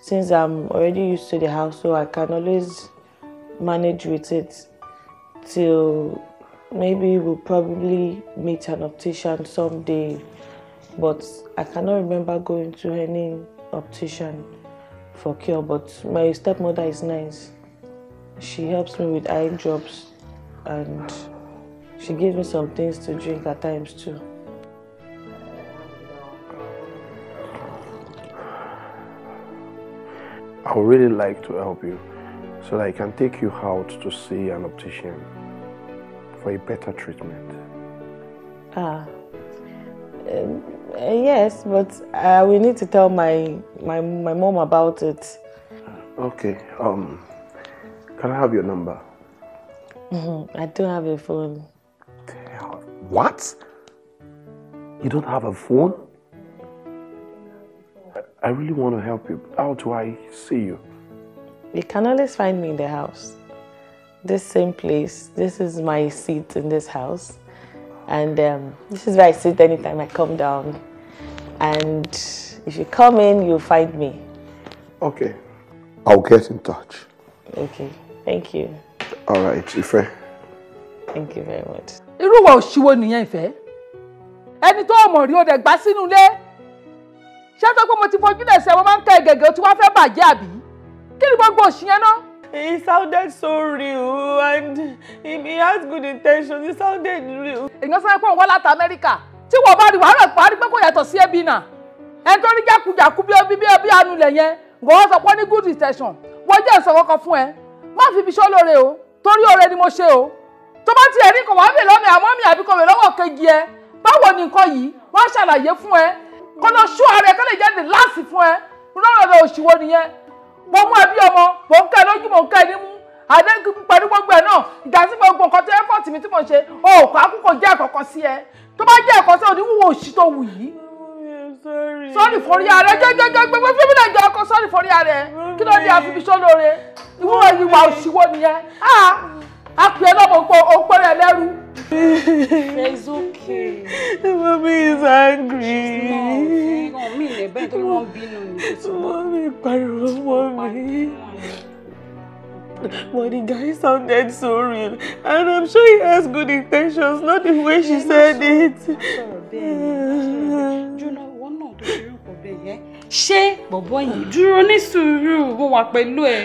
since I'm already used to the house so I can always manage with it till maybe we'll probably meet an optician someday but I cannot remember going to any optician for cure, but my stepmother is nice. She helps me with eye drops and she gives me some things to drink at times too. I would really like to help you so that I can take you out to see an optician for a better treatment. Ah, um, uh, yes, but uh, we need to tell my, my my mom about it. Okay. Um, can I have your number? Mm-hmm. I don't have a phone. What? You don't have a phone? I really want to help you. How do I see you? You can always find me in the house. This same place. This is my seat in this house. And um, this is where I sit anytime I come down. And if you come in, you'll find me. Okay. I'll get in touch. Okay. Thank you. All right, Ife. Thank you very much. Irú wa òṣìwò nìyẹn Ìfẹ́. Ẹni tó ọmọ rí ó de gbá sínú ilé. Ṣé tó pé mo ti fojú lẹ̀ mo máa ń ka ẹ̀gẹ̀gẹ̀ tí wọ́n fẹ́ bàjẹ́ àbí? Kí ni gbogbo òṣìyẹn náà? It sounded so real and he has good intentions. It sounded real. Èèyàn sáré pọ̀ wá láti Amẹ́ríkà tí wọ́n bá rí wàhálà parí pé kò yàtọ̀ sí ẹbí náà. Ẹni tó ní jákujàku bí ẹbí bí ẹbí anulẹ̀ yẹn gbọ́n sọ pé ní good intention. Wọ́n jẹ́ ìsọ̀rọ̀ kan fún ẹ. Má fi ibi ṣọ́ lóore o torí oore ni mo ṣe o. Tó bá tiẹ̀ rí kò wá bè lọ́mọ àmọ́ mi àbí kò bè lọ́wọ́ kejì ẹ. Báwo ni nǹkan yìí? Wọ́n ṣàlàyé fún ẹ. Kọ́nà ṣú ara ẹ kó lè jáde láàsì fún ẹ. Rọ́rọ̀ rẹ̀ òṣìwò nìyẹn mo mú ẹbí ọmọ mò ń ká lójú mò ń ká ẹni mú àdéhùn pẹ̀lú gbogbo ẹ̀ náà ìdásí gbogbo nǹkan tó yẹ fọ́ọ̀tì mi tí mo ṣe òkò àkókò jẹ́ ẹ̀kọ́kọ́ sí ẹ tó bá jẹ́ ẹ̀kọ́ sí oníwúwo òṣì tó wù yìí. sọ́ọ̀rì forí ara ẹ gẹ́gẹ́ gbogbo fífi lè jọ ọkọ sọ́ọ̀rì forí ara ẹ kí ló dé àfibí sólóore ìwúwo ìwà òṣìwò nìyẹn ah! a pè é lọ́mọ òpó òpó rẹ̀ lẹ́rú It's okay. Mommy is angry. She's not. Me, me, to won't be no. Mommy, pariwo, mommy. But the guy sounded so real, and I'm sure he has good intentions, not the way she said it. Sorry, You know ṣé bọ̀bọ̀ yìí dúró ní sùúrù mo wà pẹ̀lú ẹ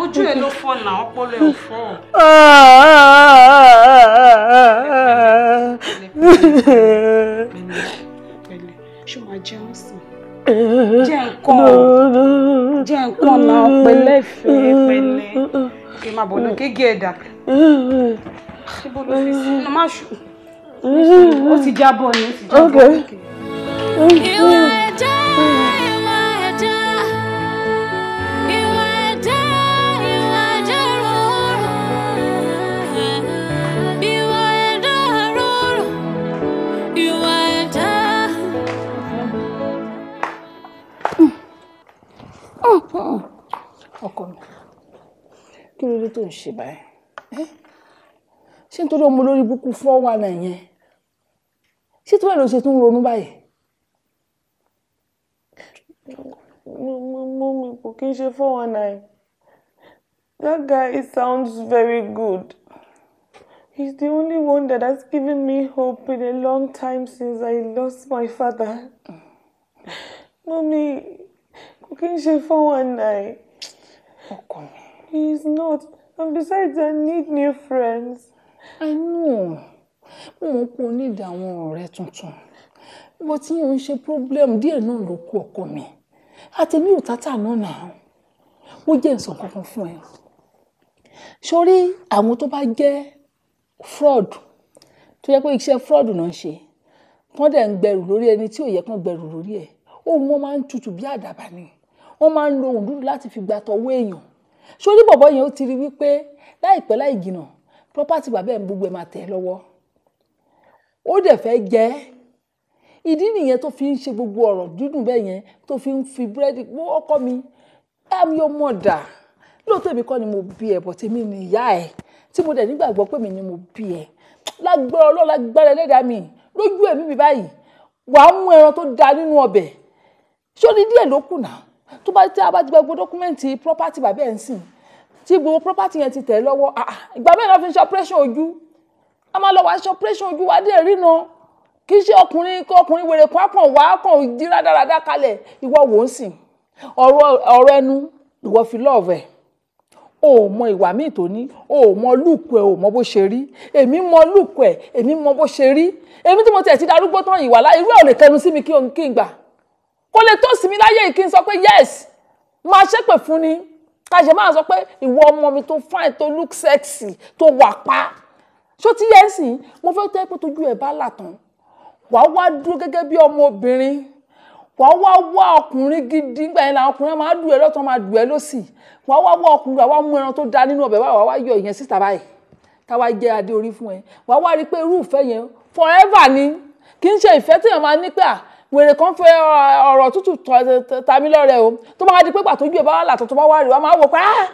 ojú ẹ ló fọ́ nà ọpọlọ ẹ ò ah, ah, ah, ṣé máa jẹun sùn eh, jẹ́ nǹkan jẹ́ nǹkan náà pẹ̀lẹ́ fẹ́ pẹ̀lẹ́ mm, mm, mm. kí n máa bọ̀ ní kéèké ẹ̀dá ibo ló fi sí ọmọ àṣù ó ti jábọ̀ ni ó ti jábọ̀ kéèké. ọkọ mi kí ló dé tó ń ṣe báyìí ṣé nítorí ọmọ olórí búkú fọ́ wà náà yẹn ṣé tí wọ́n lọ ṣe tó ń ronú báyìí. mo mi kò kí n ṣe four one nine that guy he sounds very good he's the only one that has given me hope in a long time since I lost my father. Mommy, kò kí n ṣe one night? ọkọ he's not and besides i need new friends. i know mo mọ̀ pé o need àwọn ọ̀rẹ́ tuntun bó ti yẹn ń ṣe problem díẹ̀ náà ló kú ọkọ mi àtẹ̀mí ò tátà náà náà ó jẹ́ nsọ kankan fún ẹ sórí àwọn tó bá jẹ́ fraud To yẹ pé iṣẹ́ fraud náà ń ṣe wọ́n dẹ̀ ń gbẹrù lórí ẹni tí ò yẹ kán gbẹrù lórí ẹ̀ òun wọn máa ń tutù ni wọ́n máa ń lo òun dúdú láti fi gba tọwọ́ èèyàn sórí bọ̀bọ̀ yẹn ó ti rí wípé láìpẹ́ láì jìnà property bàbá ẹ̀ ń gbogbo ẹ̀ máa tẹ̀ lọ́wọ́ ó dẹ̀ fẹ́ jẹ́ ìdí nìyẹn tó fi ń ṣe gbogbo ọ̀rọ̀ dúdùn bẹ́ẹ̀ yẹn tó fi ń fi búrẹ́dì wó ọkọ mi am your mother lóòótọ́ èmi kọ́ ni mo bí ẹ̀ bọ̀ tèmi ni ìyá ẹ̀ tí mo dẹ̀ nígbàgbọ́ pé mi ni mo bí ẹ̀ lágbára ọlọ́run lágbára ẹlẹ́dàá mi lójú ẹ̀mí mi báyìí wàá mú ẹran tó da nínú ọbẹ̀ ṣó ní díẹ̀ ló kù tó bá tí a bá ti gbogbo dọ́kúmẹ́ǹtì property bàbá ẹ̀ ń sìn tí gbogbo property yẹn ti tẹ̀ lọ́wọ́ ìgbà mẹ́rin náà fi ń ṣe operation ojú a máa lọ wá ṣe operation ojú wa dé rína kì í ṣe ọkùnrin kí ọkùnrin wèrè kan kàn wá kàn jí rádaràdá kalẹ̀ ìwọ wò ó sìn ọ̀rọ̀ ẹnu ìwọ fi lọ́ọ̀vẹ̀ o ò mọ ìwà míì tó ní o ò mọ lùkù ẹ o mọ bó ṣe rí èmi mọ lùkù ẹ èmi mọ bó ṣe rí èmi tí mo tiẹ̀ ti darúgbó tán ìwà láì irú ẹ̀ ò lè kẹnu sí mi kí n gbà kó lè tó sí mi láyé yìí sọ pé yes máa ṣépè fún ni ká ṣe máa sọ pé ìwọ ọmọ mi tó fine tó look sexy tó wà pa ṣó ti yẹ sí mo fẹ́ tẹ́ pé tójú ẹ̀ bá là tán wà á wá dúró gẹ́gẹ́ bí ọmọ obìnrin wà á wá wá ọkùnrin gidi nígbà yẹn làwọn ọkùnrin máa dùn ẹ lọ́tọ̀ máa dùn ẹ lọ́sì wà á wá wá ọkùnrin wà á wá mú ẹran tó da nínú ọbẹ̀ wà á wá yọ ìyẹn síta báyìí táwa jẹ́ adé orí fún ẹ wà á wá rí pé irú ìfẹ́ yẹn forever ni kì í ṣe ìfẹ́ téèyàn máa ní pé à wèrè kan fẹ́ uh, ọ̀rọ̀ tútù tàmí lọ́rẹ̀ o tó bá wá di pé pàtó ju ẹ̀ bá wà látọ̀ tó bá wà rí wa máa wò pé ah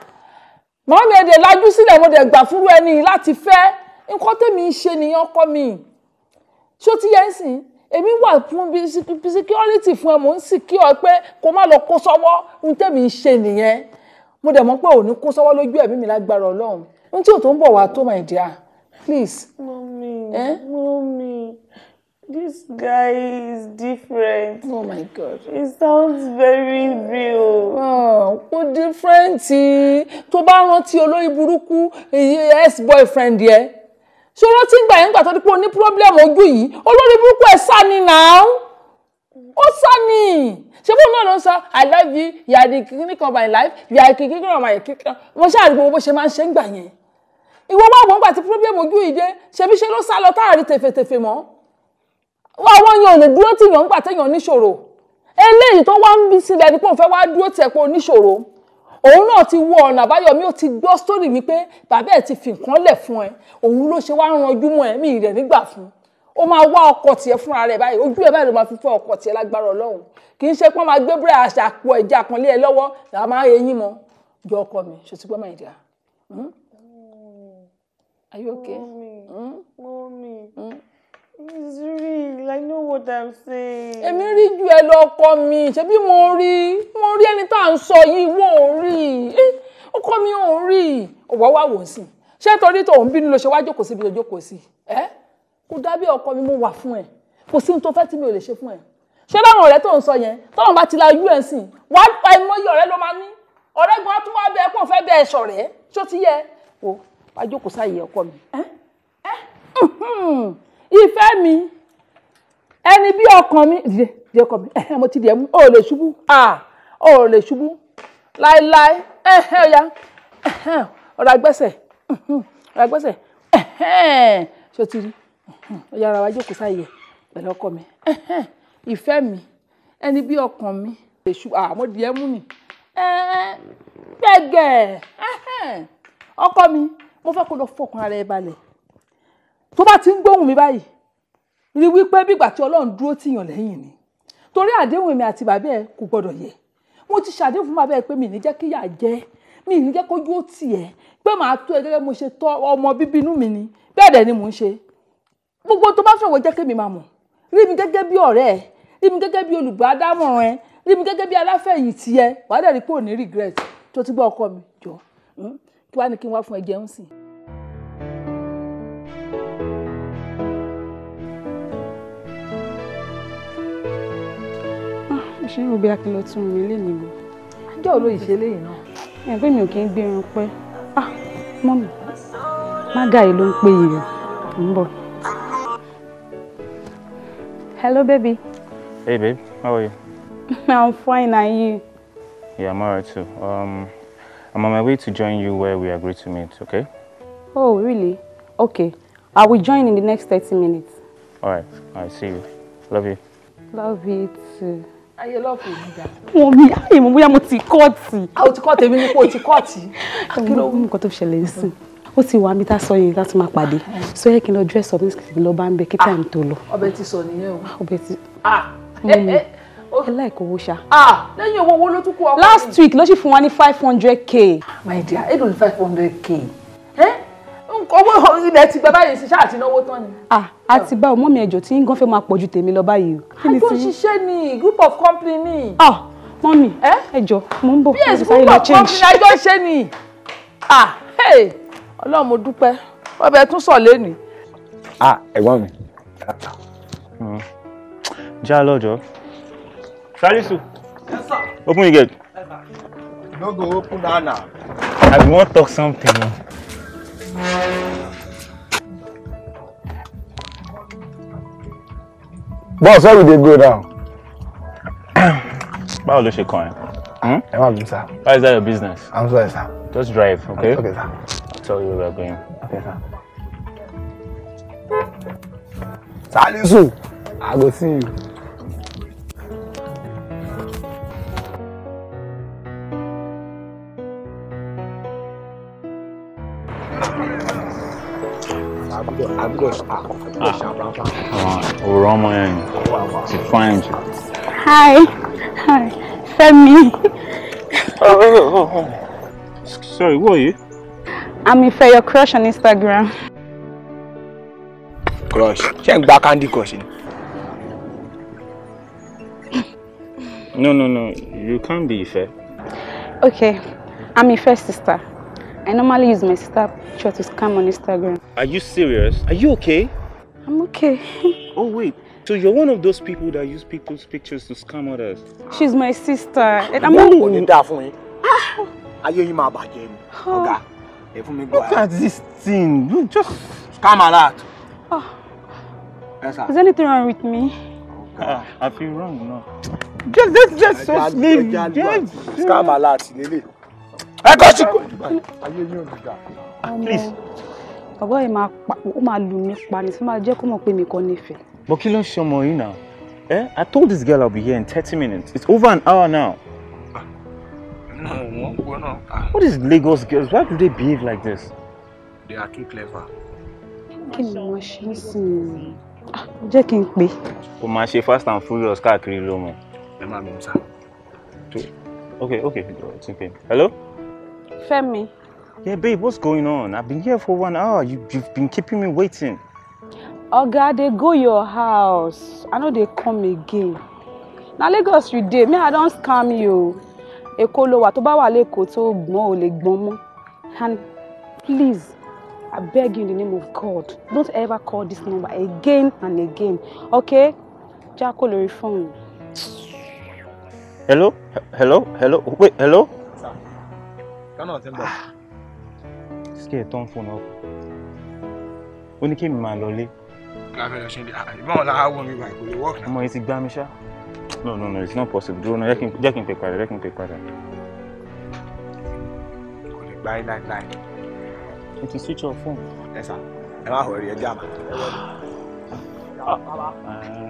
màá mi ẹ̀dẹ̀ lajú sílẹ̀ mo dẹ̀ gbà fúru ẹni láti fẹ́ nǹkan tèmi ṣe nìyẹn ọkọ mi ṣó ti yẹ ń sìn èmi wà fún security fún ẹ mò ń sì kí ọ pé kó má lọ kó sọ́wọ́ ohun tèmi ṣe nìyẹn mo dẹ̀ mọ̀ pé ò ní kó sọ́wọ́ lójú ẹ̀mí mi lágbára ọlọ́run ohun tí ò tó ń bọ̀ wá tó my dear please. mọ́mí mọ́mí this guy is different. oh my god. he sounds very real. ó ah, different tó bá rántí olórí burúkú ex boyfriend yẹ ṣòro tí ń gbà yẹn gbà tó ní pé problem ojú yìí olórí burúkú ẹ̀ sá ni náà ó sá ni ṣé bóun náà ló ń sọ i love you you are the clinic of my life you are the clinic of my clinic mo ṣáà rí gbogbo bó ṣe máa ń ṣe ń gbà yẹn ìwọ wà wọ́n gbà tí problem ojú yìí dé ṣebí ṣe ló sá lọ táàrí tèfètèfè mọ́ àwọn yẹn ò lè dúró tì yàn ń gbà téèyàn níṣòro eléyìí tó wá ń bí sílẹ̀ ni pé òun fẹ́ wá dúró tì ẹ̀ pé oníṣòro òun náà ti wo ọ̀nà àbáyọmí ó ti gbọ́ sórí wípé bàbá ẹ̀ ti fi nǹkan lẹ̀ fún ẹ òun ló ṣe wá ń ranjú mọ́ ẹ mí rẹ̀ nígbà fún ó máa wá ọkọ tiẹ̀ fúnra rẹ̀ báyìí ojú ẹ̀ báyìí ló máa fi fọ́ ọkọ tiẹ̀ lágbára ọlọ́run kì í ṣe pé wọ́n máa gbé búrẹ́ àṣà àpò ẹ̀já kan lé ẹ lọ́wọ́ làá máa eyín mọ́ jọ ọkọ mi ṣòtúpọ̀ máa dìá. Mommy, hmm? Mommy. Hmm? Missouri, I know what I'm saying. Èmi rí ju ẹ lọ ọkọ mi, ṣebí mo rí, mo rí ẹni tá à ń sọ yìí, wọ́n ò rí. Eh, ọkọ mi ò rí. Ọ̀wọ́ wà wò sí. Ṣé torí tòun bínú ló ṣe wá jókòó síbi òjókòó sí? Ẹ́ eh, kò dábí ọkọ mi mo wà fún ẹ. Kò sí ní tó fẹ́ tí mi ò lè ṣe fún ẹ. Ṣé láwọn ọ̀rẹ́ tó ń sọ yẹn? Tọ́lọ́n bá ti la UN sí. Wàá pa ìmọ̀yé ọ̀rẹ́ ló máa ní. Ọ̀rẹ́ gan tún wá bẹ́ẹ̀ pọ̀ fẹ́ bẹ́ẹ̀ ṣọ̀rẹ́. Ṣó ti yẹ? O, wàá jókòó sáyé ọkọ mi. Eh, ìfẹ́ mi ẹni bí ọkàn mi dìde dìde ọkàn mi ẹ̀hẹ́ mo ti dìde mú o lè ṣubú ah o lè ṣubú láéláé ẹ̀hẹ́ ọ̀ya ẹ̀hẹ́ ọ̀rọ̀ agbẹ́sẹ̀ ọ̀rọ̀ agbẹ́sẹ̀ ẹ̀hẹ́ ṣó ti rí ọ̀ya ara wa jókòó sáyẹ̀ pẹ̀lú ọkọ mi ẹ̀hẹ́ ìfẹ́ mi ẹni bí ọkàn mi lè ṣubú ah mo dìde mú mi gbẹ̀gẹ̀ ọkọ mi mo fẹ́ kó lọ fọkàn ara ẹ balẹ̀ tó bá ti ń gbóhùn mi báyìí rí wípé bígbà tí ọlọ́run dúró tìyàn lẹ́yìn ni torí àdéhùn mi àti bàbá ẹ kò gbọdọ̀ yẹ mo ti ṣàdéhùn fún bàbá ẹ pé mi ní jẹ́ kíyà jẹ mi ní jẹ́ kójú ó tì ẹ́ pé màá tó ẹ gẹ́gẹ́ mo ṣe tọ́ ọmọ bíbí inú mi ni bẹ́ẹ̀ dẹ̀ ni mò ń ṣe gbogbo tó bá ṣòwò jẹ́ kémi máa mọ̀ rí mi gẹ́gẹ́ bí ọ̀rẹ́ ẹ rí mi gẹ́gẹ́ bí olùgbàdámọ̀ràn ẹ rí mi gẹ́gẹ́ bí aláfẹ̀yìntì ẹ wàá dẹ̀ rí pé ò ní regret tó ti gbọ́ ọkọ mi jọ hmm? kí wàá ní kí n wá fún ẹ jẹun sìn. ṣé ń wo bí akínlọ tún mi lé nìbò. ajá ò ló ìṣe léyìí náà. ẹ pé mi ò kí ń gbé irun pẹ́ ah mọ́mì mága yìí ló ń pè yìí ń bọ̀. hello baby. hey babe how are you. i'm fine and you. yeah i'm alright too um, i'm on my way to join you where we agreed to meet okay. oh really okay i will join in the next thirty minutes. alright i right, see you love you. Love you too ayé lọ́ọ̀fù mi dà. wọn mi ayé mo bóyá mo ti kọ́ọ̀tì. a ò ti kọ́ọ̀tì èmi ni pé o ti kọ́ọ̀tì. kí ló mú nǹkan tó ṣẹlẹ̀ sí ó ti wà mí tá a sọ yẹn láti máa pàdé so yẹ kí n lọ dress up ní sikiti lọ bá ń bẹ kí táìmù tó lọ. ọbẹ̀ ti sọ nìyẹn o. ọbẹ̀ ti. ẹ ah. ah. láìkó eh, eh. owó ṣá. Ah. lẹ́yìn owó owó ló tún kó ọkọ mi. last week ló sì fún wa ní five hundred k. my dear eight hundred five hundred k owó ilẹ̀ ti gba báyìí ṣiṣẹ́ àti náwó tán ni. a ti bá ọmọ mi ẹjọ tí ń gan fẹ́ máa pọ̀ ju tèmi lọ báyìí o. àjọ ṣiṣẹ́ ni group of company ni. ọ mọ́mì ẹjọ mo ń bọ̀ mo ti sáré lọ change. bí ẹ̀sìn group of company àjọ ṣe ni ọlọ́run mo dúpẹ́ ọbẹ̀ tún sọ lẹ́nu. ẹ̀gbọ́n mi. Hmm. já lọ́jọ́ Salisu open your gate. no go open that now. i wan talk something. Boss, where we dey go now? Báwo will ṣe kàn ẹ́? Hmm? Ẹ má bínú sá. Why is that your business? I'm sorry sir. Just drive, okay? Okay sir. I'll tell you where we're going. Okay sir. Salisu, I will see you. òwúrọ̀ ọmọ yẹn ti fine jù. hi hi Fẹ́mi. sorry who are you. I'm Ife your crush on Instagram. crush ṣé ń gba Candy Crush ni. no no no you can't be Ife. okay I'm Ife's sister. I normally use my sister' Snapchat to scam on Instagram. Are you serious? Are you okay? I'm okay. oh, wait. So you're one of those people that use people's pictures to scam others? She's my sister. I'm not... What did for me? Ayé yín máa bàjẹ́ ni. Ọ̀gá, Okay. fún mi gbọ́. Look at this thing. You just... Scam alert. Oh. Yes, Is anything wrong with me? Ah, I feel wrong now. Just, just, just, just leave. Scam lot, Lily ẹ kọ́ sí please. bàbá yìí máa pa ó máa lù mí pa ni sí máa jẹ́ kó mọ̀ pé mi kọ́ nífẹ̀ẹ́. but kí ló ń ṣe yìí náà eh i told this girl i'll be here in thirty minutes it's over an hour now. what is Lagos girls why do they behave like this. they are too clever. kí ni wọ́n ṣe ń sìn yìí ah, jẹ́ kí n pè. kò máa ṣe fast and furious káàkiri ló mọ̀. ẹ máa lọ sá. Okay. ok okay hello. Femi. Yeah, babe, what's going on? I've been here for one hour. You, you've been keeping me waiting. Oh God, they go your house. I know they come again. Now Lagos you dey. Me, I don't scam you. Èkó ló wà tó bá wà lẹ́kọ̀ọ́ tó gbọ́n ò lè gbọ́n mọ́. And please, I beg you in the name of God, don't ever call this number again and again. Okay? Jákò lórí fóònù. Hello? Hello? Hello? Wait, hello? náà ti ń bọ̀. síkè tó ń fún ọ ó ní kí mi máa lọlé. láfẹ́ lọ sí ilé ah, ìbọn làá wọ mi báyìí kò lè wọ́ọ̀kì. ọmọ yìí ti gbá mi ṣá. no no no it's not possible dúró náà jẹ́ kí n pè padà jẹ́ kí n pè padà. kò lè gbá yín láíláí. mo ti switch off phone. ẹ sà ẹ má họ̀ rí ẹ jẹ́ àmà ẹ wọlé.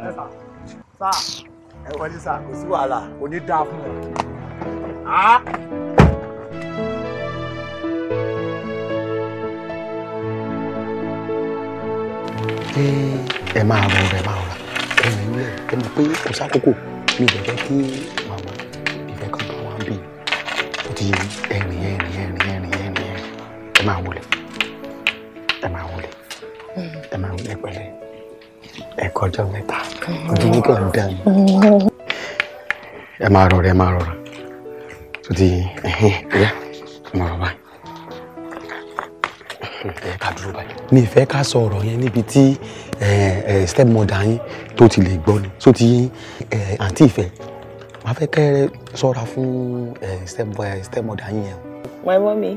ẹ sà sà ẹ wọlé sà kò sí wàhálà kò ní dáa fún ọ. pé ẹ máa rọ rẹ máa rà ẹ̀yìn ilé ẹ mọ̀ pé kò sákòókò mi ò fẹ́ kí màmá ìfẹ́ kan bá wá bí ó ti ẹ̀rìn ẹ̀rìn ẹ̀rìn ẹ̀rìn ẹ̀rìn ẹ máa wọlé ẹ máa wọlé ẹ máa wọlé pẹ̀lẹ́ ẹ kọjọ mẹ́ta ojú yín kàn dán ẹ máa rọra ẹ máa rọra tó ti ẹ máa rọra báyìí ẹ ká dúró báyìí. mi fẹ́ ká sọ ọ̀rọ̀ yẹn níbi tí step mother yín tó ti lè gbọ́ ni tó ti yín àǹtí ìfẹ́ màá fẹ́ kẹ́ ẹ sọ́ra fún step mother yín yẹn. my mummy.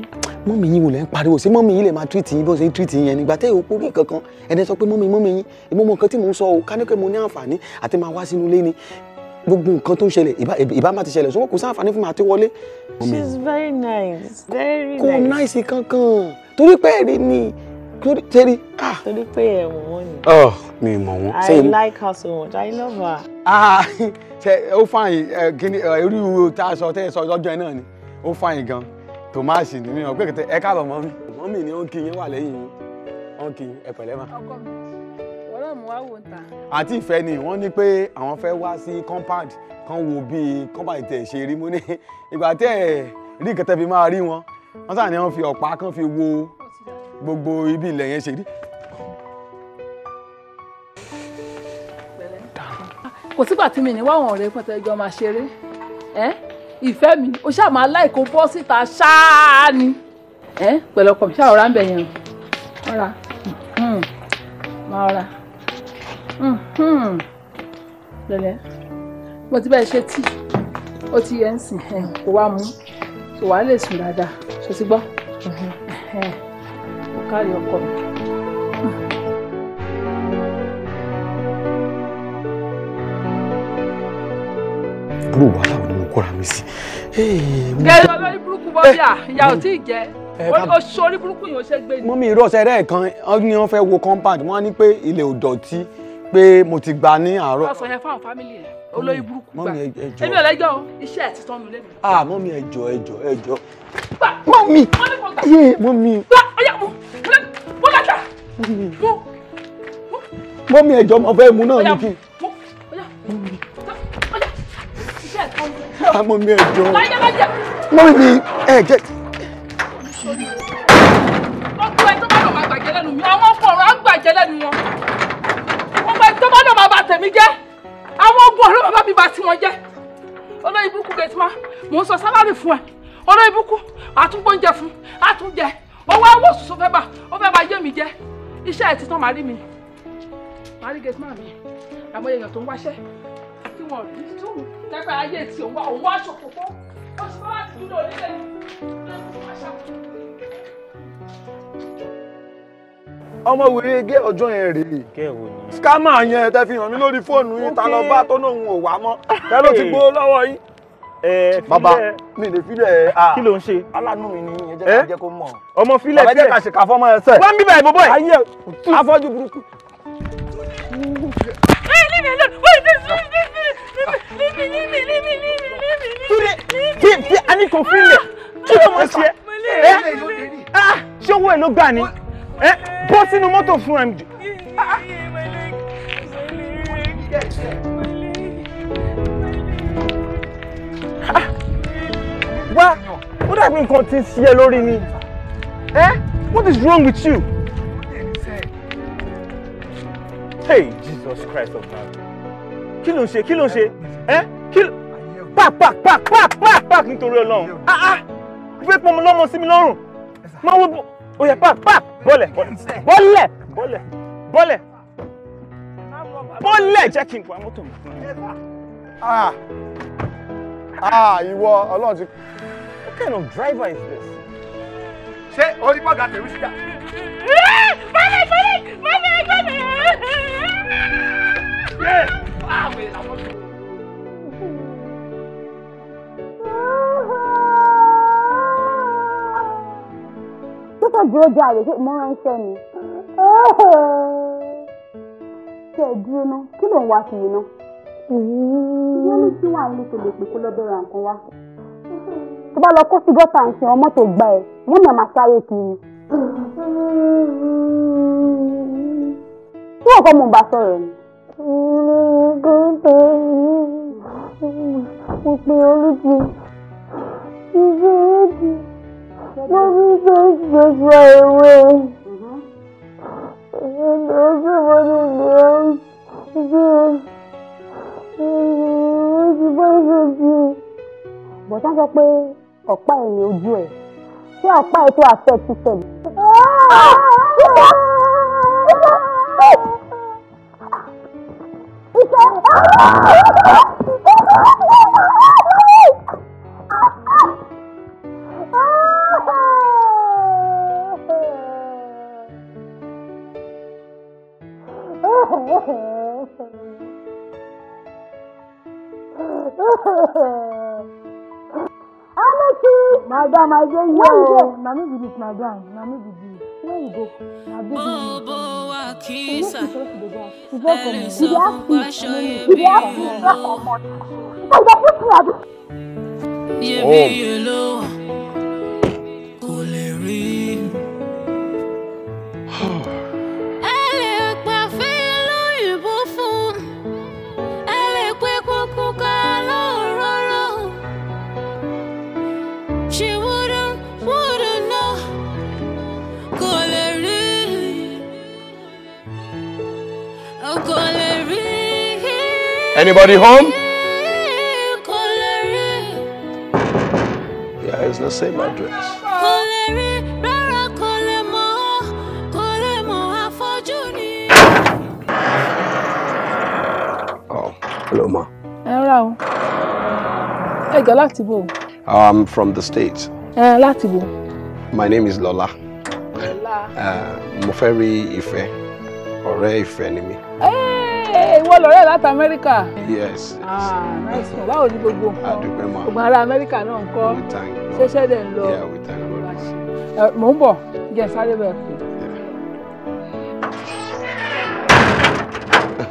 mummy yín wò lẹ́ ń pariwo sí mummy yín lè máa treat yín bó ṣe ń treat yín yẹn nígbà tẹ́ ò kúrò kankan ẹni sọ pé mummy mummy yín ìmọ̀ mọ̀ nǹkan tí mò ń sọ o kánípẹ́ mo ní àǹfààní àti máa wá sínú ilé ni gbogbo nǹkan tó ń ṣẹlẹ̀ ìbá má ti ṣẹlẹ̀ sọ́wọ́ kò sáǹfààní fún mi àti wọlé. she is very nice very nice. kò náìsì kankan torí pé ẹ̀rí ni torí ah. torí pé ẹ mọ̀ wọ́n ni. ọ oh, mi mọ̀ wọ́n. I like her so much I love her. ah ṣe ó fàyìn gini irú tá a sọ tẹ́lẹ̀ sọ lọ́jọ́ ẹ náà ni ó fàyìn gan tòmáàsì ni mi ò pé kẹtẹ ẹ káàbọ̀ mọ́ mi mọ́ mi ni ó ń kí yín wà lẹ́yìn yín ó ń kí yín ẹ pẹ̀lẹ́ mà. ọkọ mi ọ̀rọ̀ mi wá wò ta. àti ìfẹ́ ni wọ́n ní pé àwọn fẹ́ wá sí compound kan wo bí compound tẹ̀ ṣe rí mú ní ìgbà tẹ́ rí kẹtẹ́ fi máa rí wọn wọ́n sà ni wọ́n fi ọ̀pá kan fi wo gbogbo ibi ilẹ̀ yẹn ṣe rí. kò sígbà tí mi ní wáwọn ọ̀rẹ́ pẹ̀tẹ́ jọ máa ṣeré ẹ́ ìfẹ́ mi ó ṣáà máa láìkó bọ́ síta ṣáá ni ẹ́ pẹ̀lú ọkọ mi ṣáà ọ̀rá ń bẹ̀ yẹn ọ̀rá hmm. máa ọ̀rá hmm, hmm. lẹ́lẹ́ mo ti bẹ́ẹ̀ ṣe tíì ó ti yẹ ń sìn kó wá mú kó wá lè sùn dáadáa ṣe ti gbọ́ ó kárí ọkọ mi. irú wàhálà wo ni mo kóra mi sí. gẹ́gẹ́ lórí burúkú bọ́bíà ìyá ò tí ì jẹ́ oṣù orí burúkú yìí ó ṣe gbé ni. mọ́mí irú ọ̀sẹ̀ rẹ̀ kan ni wọ́n fẹ́ wo compound wọ́n á ní pé ilẹ̀ ò dọ̀tí pé mo ti gba ní àárọ̀. ọsàn yẹn fáwọn fámìlì ẹ olóyè burúkú gbà èmi ò lẹ́jọ́ o iṣẹ́ ẹ ti tán mi lẹnu. ah mọ́mí ẹjọ́ ẹjọ́ ẹjọ́ mọ́mí yé mọ́mí. mọ́mí ẹjọ́ mo fẹ́ mu náà ní kí. mọ́mí ẹjọ́ ah, mọ́mí ẹjọ́ ọkọ ẹ tó bá lọ máa gbàjẹ́ lẹ́nu mi àwọn ọkọ ọ̀rọ̀ á gbàjẹ́ lẹ́nu wọn gbogbo ètò bá dọ̀bà bá tèmi jẹ́ àwọn ogun ọ̀rọ̀ bàbá mi bá tiwọn jẹ́ olóyè ibùkún gẹ̀tìmá mò ń sọ sálárì fún ẹ olóyè ibùkún àtúgbóúnjẹ fún àtúnjẹ owó àwọn òṣùṣù fẹ́ bá ó fẹ́ bá yé mi jẹ́ iṣẹ́ ẹ̀ ti tán màá rí mi màá rí gẹ̀tìmá mi àmọ́ èèyàn tó ń wáṣẹ́ tí wọn ò ní tún ayé tí òun wá òun wá ṣòfò fún oṣù tó láti ọmọ wèrè gé ọjọ́ yẹn rèé skama yẹn tẹ fi hàn mí lórí fóònù yín ta lọ bá tó náà ò wá mọ́ tẹ ló ti gbó lọ́wọ́ yín. bàbá mi lè filẹ̀ a kí ló ń ṣe alánú mi ni yẹn jẹ́ ká jẹ́ kó mọ̀ ọmọ filẹ̀ filẹ̀ bàbá jẹ́ ká ṣe ká fọ́mọ ẹsẹ̀. wọ́n ń bíbẹ̀ ìbò bọ́ẹ̀ ayé afọ́jú burúkú. Túndé tí a ní kò fi lè kí ló mọ̀ ṣe é ṣé owó ẹ̀ ló gbà ni ẹ eh, bọ́ sínú mọ́tò fún md. wá ó dàbí nǹkan tí ń ṣí ẹ lórí ni ẹ eh, what is wrong with you. hey jesus christ of God! kí ló ń ṣe kí ló ń ṣe ẹ eh, kí ló pa pa pa pa pa pa ah ah gbé pọnmọ lọ́mọ sí mi lọ́rùn máa wọ bọ ó yẹ pap pap bọ́lẹ̀ bọ́lẹ̀ bọ́lẹ̀ bọ́lẹ̀ bọ́lẹ̀ jẹ́ kí n pa mọ́tò mi. ah ah ìwọ ọlọ́run ti what kind of driver is this. ṣé orí bọ́ọ̀gà tèmi ṣìkà. bọ́lẹ̀ bọ́lẹ̀ bọ́lẹ̀ bọ́lẹ̀. kókò dúró de àyè mo ránṣẹ́ ni. kí ẹ dúró ná kí ló ń wá kiri ná. ìyẹn ló ti wà ní tó lè pè kó lọ́dọ̀ ra nǹkan wá. tó bá lọ kó sí gọ́tà ń ṣe wọn mọ́tò gbá ẹ wọ́n náà máa sáré kiri. tí ọkọ mo bá sọ̀rọ̀ ni. mo pe olùdí ìṣòro dì. Mommy takes this right away. Mm-hmm. And everybody else there. Wọ́n ti bá ṣe ti. Bọ̀dá sọ pé ọ̀pá ẹ̀ ní ojú ẹ̀. Ṣé ọ̀pá ẹ̀ tó where you go. Oh, na me be this madam na me be this where you go na big money. bọ́wọ́ àkíyèsà ẹ lè sọ fún aṣọ yẹbi yẹn. yẹbi yẹn oh Anybody home? Yeah, it's the same address. Oh, hello, ma. Hello. Hey, go I'm from the States. Eh, láti My name is Lola. Lola. Uh, mo Ife, rí Ìfẹ́. Ọ̀rẹ́ Hey. Eh, lọ́rẹ́ láti amẹ́ríkà. yes. ah nice one báwo ni gbogbo nǹkan àdúpẹ́ mọ́ ògùn ará amẹ́ríkà náà ń kọ́ ṣẹṣẹ́ dẹ̀ ń lọ mò ń bọ̀ jẹ́ sáré bẹ́ẹ̀ kú.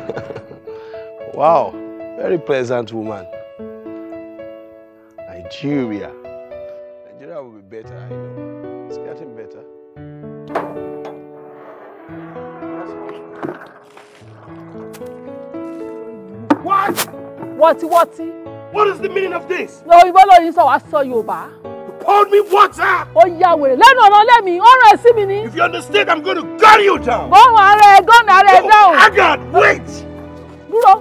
wow very pleasant woman Nigeria. wọ́tíwọ́tí. What is the meaning of this? Òyìnbó lóyún sọ wá sọ Yorùbá. You poured me water. Ó ya wèrè lẹ́nu ọ̀nà lẹ́mi, ọ̀rọ̀ ẹ̀ sí mi ni. If you understand, I'm going to gun you down. Bọ́ọ̀mù ara ẹ̀ gọ́nà ara ẹ̀ dáhùn. Agard, wait. Dúró.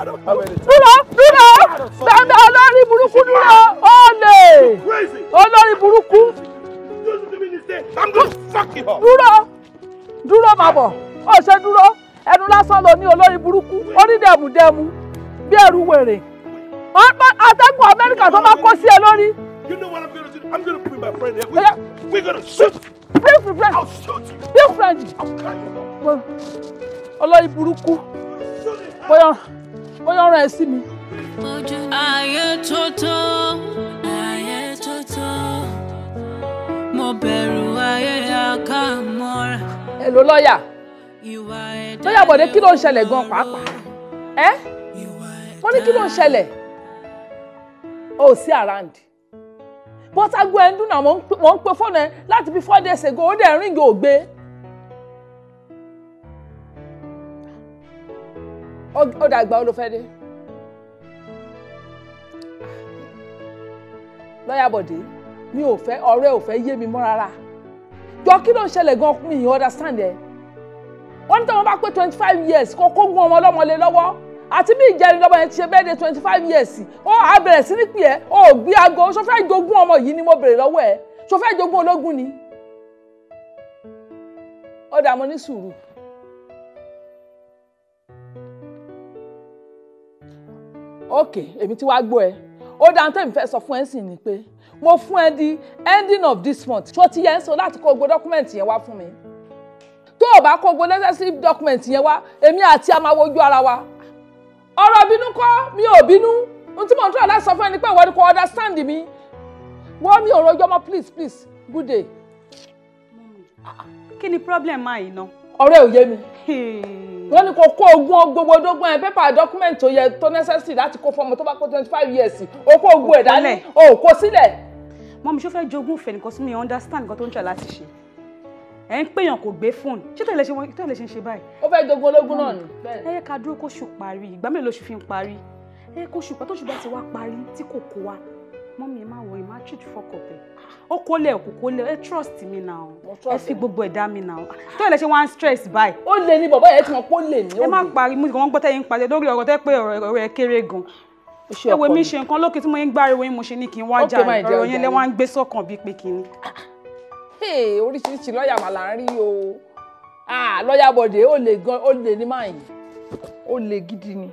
I don't have any time. Dúró dúró dada olórí burúkú dúró olè olórí burúkú. Dúró dúró màbọ̀ ó ṣe dúró ẹnu lásán ló ní olórí burúkú onídẹ̀mùdẹ̀mù bí ẹrù wèrè atẹ́gùn amẹ́ríkà tó máa kó sí ẹ lórí. You I'm gonna friend here. shoot. Bring friend. I'll shoot you. Bring friend. I'll cut you off. Olórí burúkú. Bóyá ọ̀rọ̀ ẹ sí mi. Ayé tó tó, ayé tó tó, mo bẹ̀rù ayé àkàmọ́ra. Èló lọ́ọ̀yà. Lọ́ọ̀yà Bọ̀dé kí ló ń ṣẹlẹ̀ gan-an pàápàá? wọ́n ní kí ló ń ṣẹlẹ̀ o ò sí around but aago ẹ̀ ń dún náà mò ń pe fóònù ẹ láti bí four days ago ó dẹ̀ ríngì ò gbé ó dàgbà ó ló fẹ́ dé lọ́yà bọ̀dé mi ò fẹ́ ọ̀rẹ́ ò fẹ́ yé mi mọ́ rárá jọ kí ló ń ṣẹlẹ̀ gan-an mi ì understand ẹ wọ́n ní tí wọ́n bá pé twenty five years kó kó gun ọmọ ọlọ́mọ lé lọ́wọ́ àti bí ìjẹrin lọ́mọ yẹn ti ṣe bẹ́ẹ̀ de twenty five years ó á bẹ̀rẹ̀ sí ní pè ẹ́ ó gbé aago ṣo fẹ́ jogún ọmọ yìí ni mo bèrè lọ́wọ́ ẹ̀ ṣo fẹ́ jogún ológun ni. ó dà mo ní sùúrù. ok èmi ti wá gbọ́ ẹ ó dáhùn tẹ́mi fẹ́ sọ fún ẹ sì ni pé mo fún ẹ di ending of this month tó ti yẹ ń sọ láti kó gbogbo document yẹn wá fún mi tó o bá kó gbogbo necessary document yẹn wá èmi àti àmàwojú ara wa ọ̀rọ̀ bínú kọ́ mi ò bínú n tí mò ń tọ́ láti sọ fún ẹni pé ìwọ ni kò understand mi wọ́n mi ò rojọ́ mọ́ please please good day. kí ni problem máa yìí ná. ọ̀rẹ́ ò yé mi wọ́n ní kò kó ogún gbogbo dógún ẹ̀ pépà document tó yẹ tó necessary láti kó fọmọ tó bá kó twenty five years o kó ogún ẹ̀ dání o kó sílẹ̀. mọ́mi ṣó fẹ́ jogún fẹ̀ nìkan sí mi understand nǹkan tó ń tẹ̀ láti ṣe ẹ ń pèèyàn kò gbé fóònù ṣé tẹ̀lé ṣe tẹ̀lé ṣe ń ṣe báyìí. ó fẹ́ dogun ológun náà ni. ẹ yẹ ká dúró kóṣù parí ìgbà mélòó lóṣù fi ń parí ẹ yẹ kóṣù pàtóṣù bá ti wá parí tí kò kó wa mọ́mí ẹ má wọ ìmá treat fọkọ̀ bẹ́ẹ̀ ó kólẹ̀ kò kólẹ̀ ẹ trust mi náà ẹ fi gbogbo ẹ̀dá mi náà tẹ̀lé ṣe wá ń stress báyìí. ó lè ní bàbá yẹn tí wọn kó lè ní. ẹ má parí mo kàn gbọ́ tẹ́yìn parí lórí ọ̀rọ̀ tẹ́ pé ọ̀rọ̀ ẹ kéré gan ewé mi ṣe nǹkan lókè tí mo ń gbáriwo yín mo ṣe ní kí n wá jà ọ̀rọ̀ yẹn lẹ́wọ̀n ń gbé sọ́kàn bíi pé kínní oríṣiríṣi lọ́ọ̀yà mà là ń rí o ah, lọ́ọ̀yà bọ̀dé ó lè gan ó lè ní máa yìí ó lè gidi ni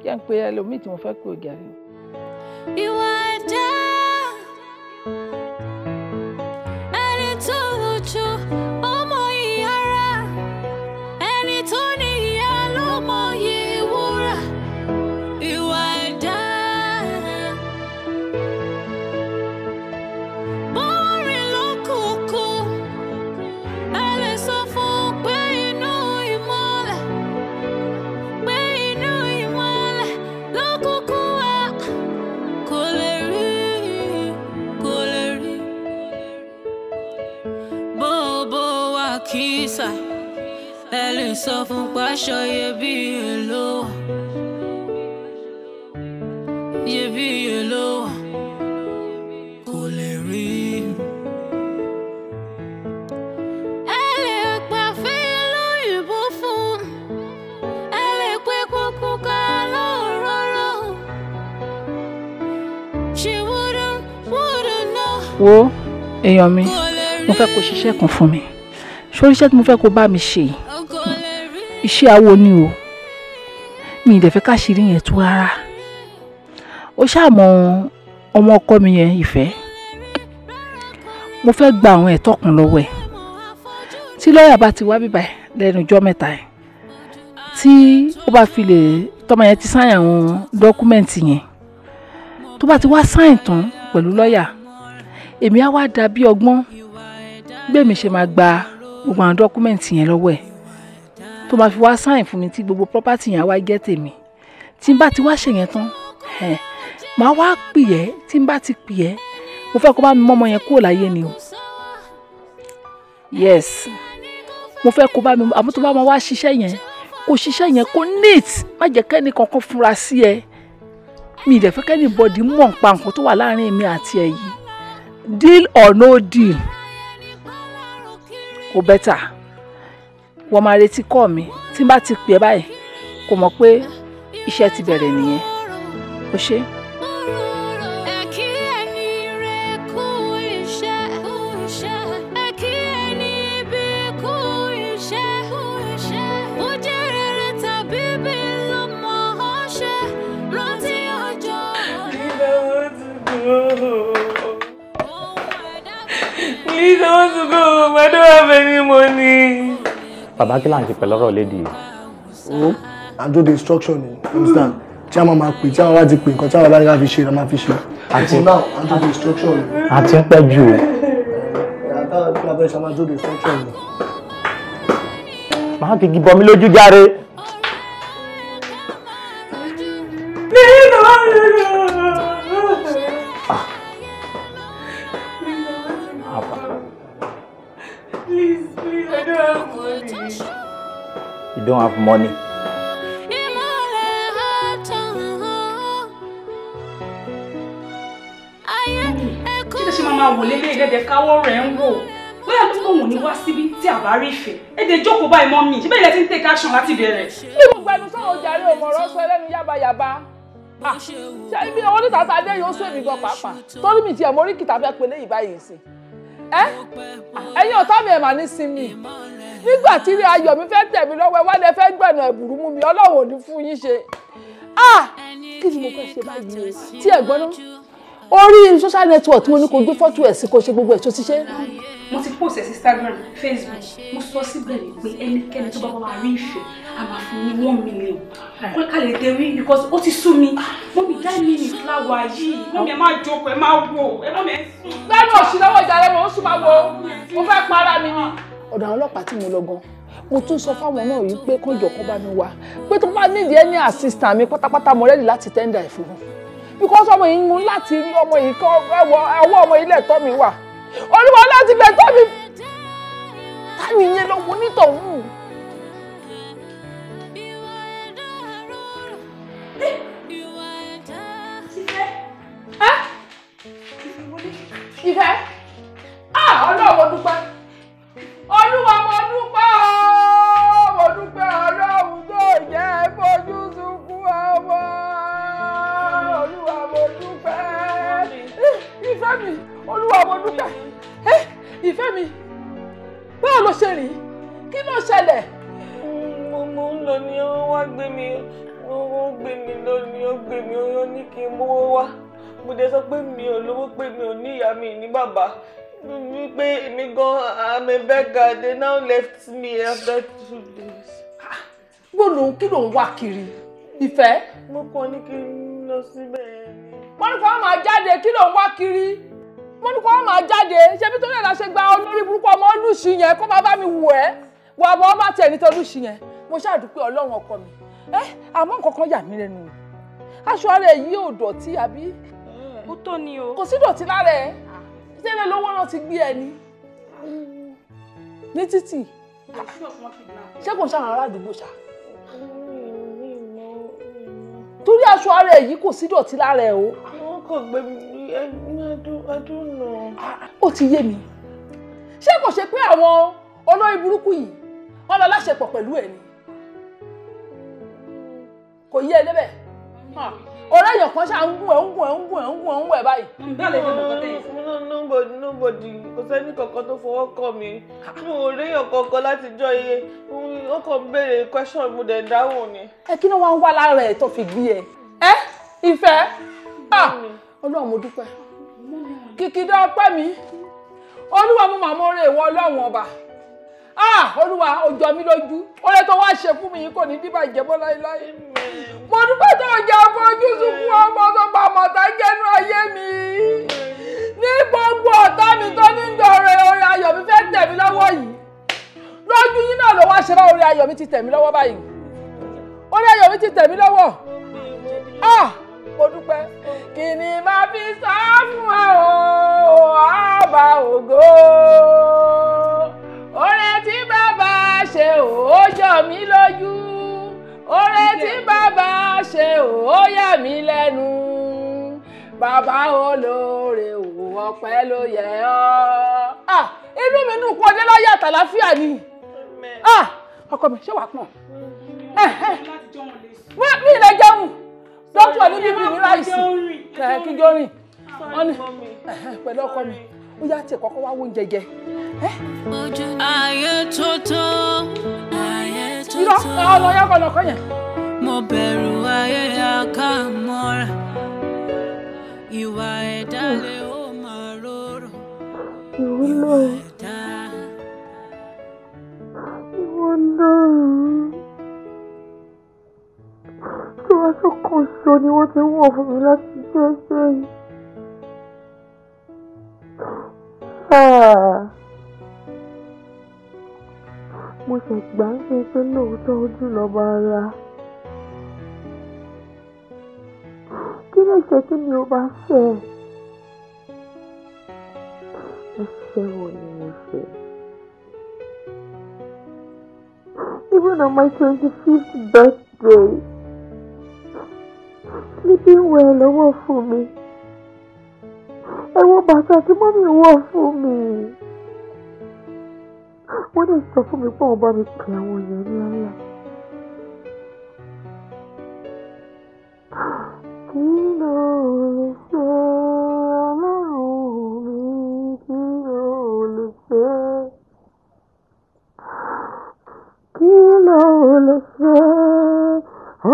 kí n pe ẹlòmíì tí mo fẹ́ pé ògì àríwá. sọ fún pàṣọ iyebíye ló iyebíye ló kò lè rí. ẹ lè gbà fi lóyìnbó fún ẹ lè pé kúkú ká lóróró. she wouldn't wouldn't know. wo èèyàn mi mo fẹ́ kó ṣiṣẹ́ kan fún mi ṣoríṣẹ́ tí mo fẹ́ kó bá mi ṣe yìí iṣẹ́ awo ni o mi ìdẹ̀ fẹ́ káṣírí yẹn tú rárá ó ṣàmọ ọmọ ọkọ mi yẹn ìfẹ́ mo fẹ́ gba àwọn ẹ̀tọ́ kan lọ́wọ́ ẹ̀ tí lọ́ọ̀yà bá ti wá bíbá ẹ̀ lẹ́nu ọjọ́ mẹ́ta ẹ̀ tí ó bá fi lè tọ́mọ yẹn ti sáyìn àwọn dọ́kúmẹ́ǹtì yẹn tó bá ti wá sáyìn tán pẹ̀lú lọ́ọ̀yà èmi á wá dà bí ọgbọ́n mi ṣe máa gba gbogbo àwọn dọ́kúmẹ́ǹtì yẹn lọ́wọ́ ẹ̀ tó máa fi wá sáìn fún mi tí gbogbo property yẹn wá jẹ́ tèmi tí n bá ti wá ṣèyẹn tán màá wá pì ẹ́ tí n bá ti pì ẹ́ mo fẹ́ kó bá mi mọ́mọ́ yẹn kúrò láyé ni o yes mo fẹ́ kó bá mi àmọ́ tó bá máa wá ṣiṣẹ́ yẹn kó ṣiṣẹ́ yẹn kó neat má jẹ́ kẹ́ni kankan fura sí ẹ mi ìdẹ̀ kẹ́ni bọ́dì mọ̀ nípa nǹkan tó wà láàrin èmi àti ẹ deal or no deal kò bẹ́tà wọ́n máa retí kọ́ mi tí n bá ti pè báyìí kò mọ̀ pé iṣẹ́ ti bẹ̀rẹ̀ nìyẹn o ṣe. Please, I want to go I don't have any money bàbá kí láǹkì pẹ̀lú ọ̀rọ̀ lédi yìí. o àjọ the instruction ni understand tí a máa máa pè tí a máa wá ti pè nǹkan tí a máa bá ní fi ṣe ni a máa fi ṣe àti now àjọ the instruction ni. àti ń pẹ́ jù o. Eh, àtàwọn ìpínlẹ̀ abẹ́rẹ́ ṣe máa jọ the instruction ni. màá kì í gbọ́ mi lójú járe. don't have money. kí ló ṣe máa máa wò lélẹ́ ìdẹ́dẹ́ káwọ́ rẹ̀ ń wò bóyá ló kóhùn ní wá síbí tí a bá rí ìfẹ́ èdè jókòó báyìí mọ́ mi ṣíbẹ̀ ilẹ̀ ti take action láti bẹ̀rẹ̀. kí mo gbẹnu sọ̀rọ̀ jàre òmò ọ̀rọ̀ sọ ẹlẹ́nu yábàyàbá ṣe ibi owó níta sáadé yóò sún èmi gan pàápàá torí mi tiẹ̀ mo rí kìtà fẹ́ pe léyìí báyìí sí. ẹ ẹ̀yin ọ̀tá mi ẹ̀ mà ní sinmi nígbà tí ilé ayọ̀ mi fẹ́ tẹ̀ lọ́wọ́ ẹ fẹ́ gbọ̀nà ẹ̀bùrú mú mi ọlọ́run ò ní fún yín ṣe ah! kí ni mo fẹ́ ṣe báyìí tí ẹ gbọ́n náà orí social network tí mo ní kó gbé fọ́tò ẹ̀ sí kó ṣe gbogbo ẹ̀ tó ti ṣe. mo ti post ẹ̀ sí Instagram Facebook mo sọ síbẹ̀ ni pé ẹnikẹ́ni tó bá wà rí ìfẹ́ a máa fún ní one million kó ká lè dé rí because ó ti sú mi mo bí nine minutes láwa yìí mo mi ẹ máa jókòó ẹ máa wò ẹ mọ mi ẹ sùn. gbẹ́nu òsínlọ́wọ́ ìdálẹ́mọ̀ ó sùn máa wo mo fẹ́ para mi ni ọ̀dọ̀ àwọn ọlọ́pàá tí mo lọ gan mo tún sọ fáwọn náà yìí pé kọjọ kan bá mi wá pé tó bá nídìí ẹni assistant mi pátápátá mo rẹ́dì láti tẹ́ndà ẹ̀ fún un because ọmọ yìí mú láti rí ọmọ yìí kọ́ ọwọ́ ọmọ ilé ẹ̀tọ́ mi wà olúwa láti bẹ̀ tọ́ mi táyì yẹn lọ wo nítòhún. Ìfẹ́. Ìfẹ́. ló ń kí ló ń wá kiri ìfẹ́. mo kàn ní kí n lọ síbẹ̀. wọ́n ní máa jáde kí ló wá kiri wọ́n ní máa jáde ṣebí tó lè la ṣe gba olórí burúkú ọmọ olùsí yẹn kó máa bá mi wù ẹ́ wà á mọ ọmọ àti ẹni tó olùsí yẹn mo ṣàdúpẹ́ ọlọ́run ọkọ mi ẹ àmọ́ nǹkan kan yà mí lẹ́nu aṣọ ara ẹ̀ yí ò dọ̀tí àbí. ó tó ni o. kò sí dọ̀tí lára ẹ̀ tẹ́lẹ̀ lówó náà ti gbé ẹni mm. ní títì ṣé kò ń ṣàrànlá àdúgbò ṣáà torí aṣọ ara ẹ̀ yìí kò sí dọ̀tí lára ẹ̀ o. wọn kò gbé mi adúnà. ó ti yé mi ṣé kò ṣe pé àwọn olórí burúkú yìí wọn lọ láṣepọ̀ pẹ̀lú ẹ̀ ni kò yé ẹ débẹ̀ ọ̀rẹ́ èèyàn kan ṣáà ń gún ẹ̀ ń gún ẹ̀ ń gún ẹ̀ ń gún ẹ̀ ń wọ̀ báyìí. Mm, bẹ́ẹ̀ lè fi mọ̀kọ́ tẹ̀yìn. Mm, mm, nobody nobody kò sẹ́ni kankan tó fọwọ́ kọ mi mo ò réyàn kankan láti jọ iye ó kàn ń béèrè question mo dẹ̀ dáhùn ni. ẹ kí ni wọn ń wá lára ẹ tó fi gbé ẹ ẹ ìfẹ́ ah! Ọlọ́run mo dúpẹ́ kìkìdá ọpẹ́ mi olúwa mo màmú rè wọ Ọlọ́run ọba ah olúwa ọjọ́ mi lójú oore tó wá ṣe fún mi yìí kò ní dìbàjẹ́ bọ́ láéláé mo dúpẹ́ tó ọjà fojú sunkún ọmọ tó pa mọ̀tá jẹ́nu ayé mi ní gbogbo ọ̀tá mi tó ní ń dọ̀rọ̀ oore ayọ̀ mi fẹ́ tẹ̀ lọ́wọ́ yìí lójú yín náà ló wá ṣe bá oore ayọ̀ mi ti tẹ̀ lọ́wọ́ báyìí oore ayọ̀ mi ti tẹ̀ lọ́wọ́ ah mo dúpẹ́ kí ni màá fi sá fún àwọn àbá ògo mí lójú oore tí bàbá ṣe ó yà mí lẹ́nu bàbá olóore òwò ọpẹ́ ló yẹ ọ́. Ah, inú mi nù kú ọdẹ láyé àtàláfíà ni ah, ọkọ mi ṣé wàá pọ̀ eh, eh. mi ilẹ̀ jẹun dókítà ní bíbí mi láìsí kíjọ rìn wọ́n ní eh, pẹ̀lú ọkọ mi ó yá tiẹ̀ kọ́kọ́ wá wóúnjẹ jẹ. ojú ayé tó tó irọ́ ọ̀nà yọkọ̀lọ̀kọ̀ yẹn. mo bẹ̀rù ayé àkàmọ́ra ìwà ẹ̀dá lè ó máa rorò ìwà ẹ̀dá. ìwọ náà tí wọ́n tún kàn sọ ni wọ́n ti wọ̀ fún mi láti jẹ́ sẹ́yìn. Ah mo ṣe gbà bíi pé lóòótọ́ ojú lọba ara kí lẹ̀ṣẹ̀ tí mi ò bá ṣẹ̀ ẹ̀ṣẹ̀ wo ni mo ṣe. Even on my 25th birthday, sleeping well lọ́wọ́ fún mi. Ẹ wo bàtà tí mọ́mí wọ̀ fún mi wọ́n lè sọ fún mi pé wọ́n bá mi pè àwọn èèyàn ńlá ńlá. kí ló lè ṣe ọlọ́run mi kí ló lè ṣe. kí ló lè ṣe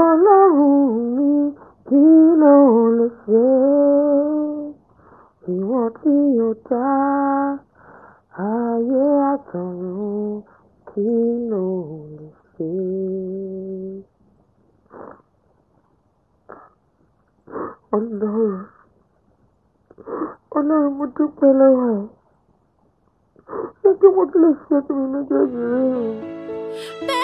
ọlọ́run mi kí ló lè ṣe. ìwọ tí yóò dá. Ayé àtọ̀run kí no lè Ọlọ́run, Ọlọ́run mo dúpẹ́ lọ́wọ́ Ṣé kí mo tún lè ṣe to mi méjèèjì rí o?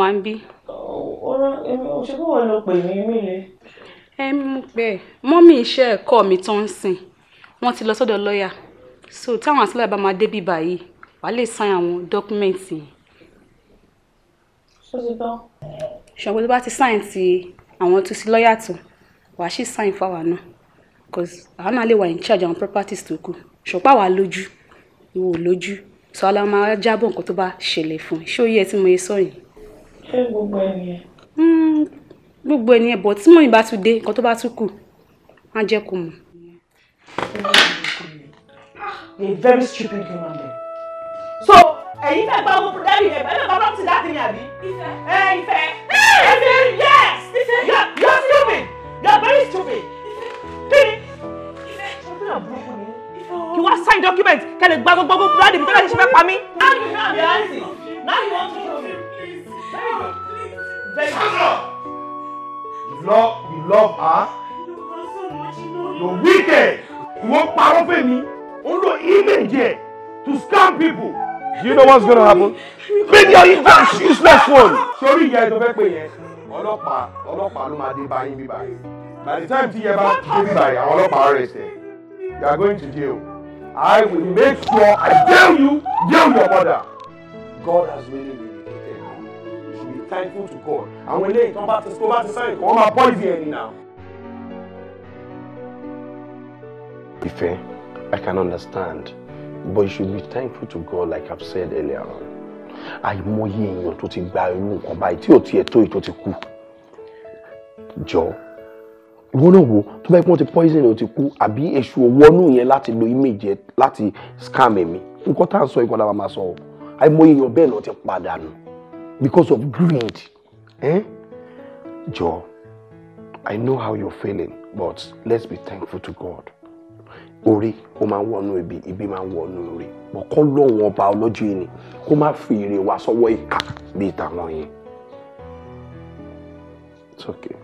wa ń bí. ọ̀rọ̀ èmi ò ṣe kó wọ́n lọ pè mí mí le. ẹ mú pé mọ́mí iṣẹ́ ẹ̀kọ́ mi tó ń sìn wọ́n ti lọ sọ́dọ̀ lọ́ọ̀yà so táwọn àtìlẹ́yìn bá máa dé bíbà yìí wàá lè sign àwọn dọ́kúmẹ́ǹtì yìí. ṣùgbọ́n tó bá ti sign ti àwọn tó sí lọ́ọ̀yà tó wàá sì sign fáwa náà Cause àwọn náà lè wà in charge àwọn properties tó kù ṣùgbọ́n àwa lójú ìwò lójú sọ aláma jábọ̀ nǹkan tó bá ṣẹlẹ̀ fún ṣé ó yẹ tí mo yẹ sọ yìí ṣé gbogbo ẹ hmm, gbogbo ẹ bọ̀ tí mò bá tún dé nǹkan tó bá tún kù á jẹ́ kó mọ̀. a very stupid human being. so ẹ̀yin fẹ́ gba owó dábì ẹ̀ bẹ́ẹ̀ bá bá ti dáàbì ní àbí. ìfẹ́ ẹ ìfẹ́. ìfẹ́ yes ìfẹ́ you are stupid you are very stupid. kí ni. ìfẹ́ ìfẹ́ àbúrò ni you wan sign document kẹlẹ gbagogbogbo dáàbì tó lè ṣe fẹ́ pa mí. how you know i'm your aunty now you wan me. Very good. Please. Very good. You love, you love her. You love her so much. You know You're wicked. You won't parọ́ fẹ́ mi. Only image to scam people. Do you know what's gonna happen? Pay your event useless one. Sorry, ìyá tó fẹ́ pè All of ọlọ́pàá ló máa dé bá yín bí báyìí. By the time tí ẹ bá dé bí báyìí, àwọn ọlọ́pàá arrest ẹ. You are going to jail. I will make sure I jail you, jail your mother. God has made me thankful to God àwọn eléyìí tó bá ti tó bá ti sáyìn kan wọ́n máa pọ́ìsì ẹni Ife, I can understand but you should be thankful to God like I've said earlier on. Àìmọye èèyàn tó ti gba irú nǹkan báyìí tí ò tiẹ̀ tó ìtò ti kú. Jọ̀ọ́ ìwọ náà wo tó bá yẹ kí wọ́n ti poison ẹ̀ ò ti kú àbí èṣù wọnú yẹn láti lo image yẹn láti scam ẹ̀mí nǹkan tá à ń sọ ìpadà máa sọ ọ́ àìmọye èèyàn bẹ́ẹ̀ náà ti padà nù because of greed. Eh? Joe, I know how you're feeling, but let's be thankful to God. Orí ó máa ń wọnú ibi, ibi máa ń wọnú orí. Bọ̀ kọ́ lóun ọba ọlọ́jọ́ yìí ni kó má fi ire wa sọ́wọ́ ìkà bíi tàwọn yẹn. It's okay.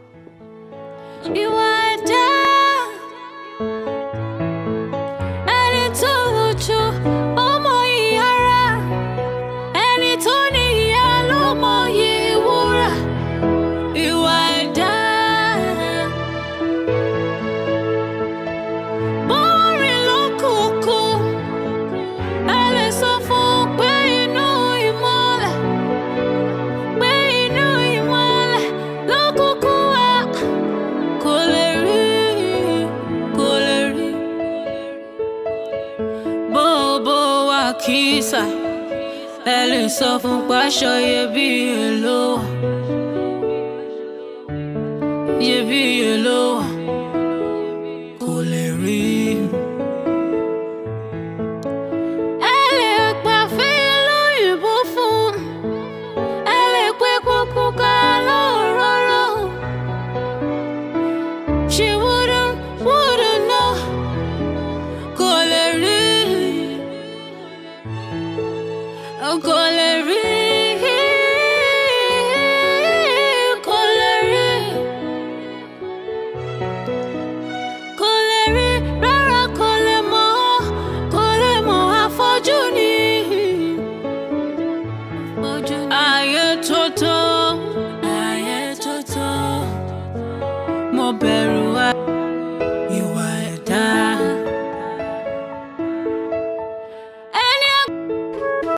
lè sọ fún pàṣọ iyebíye ló iyebíye ló.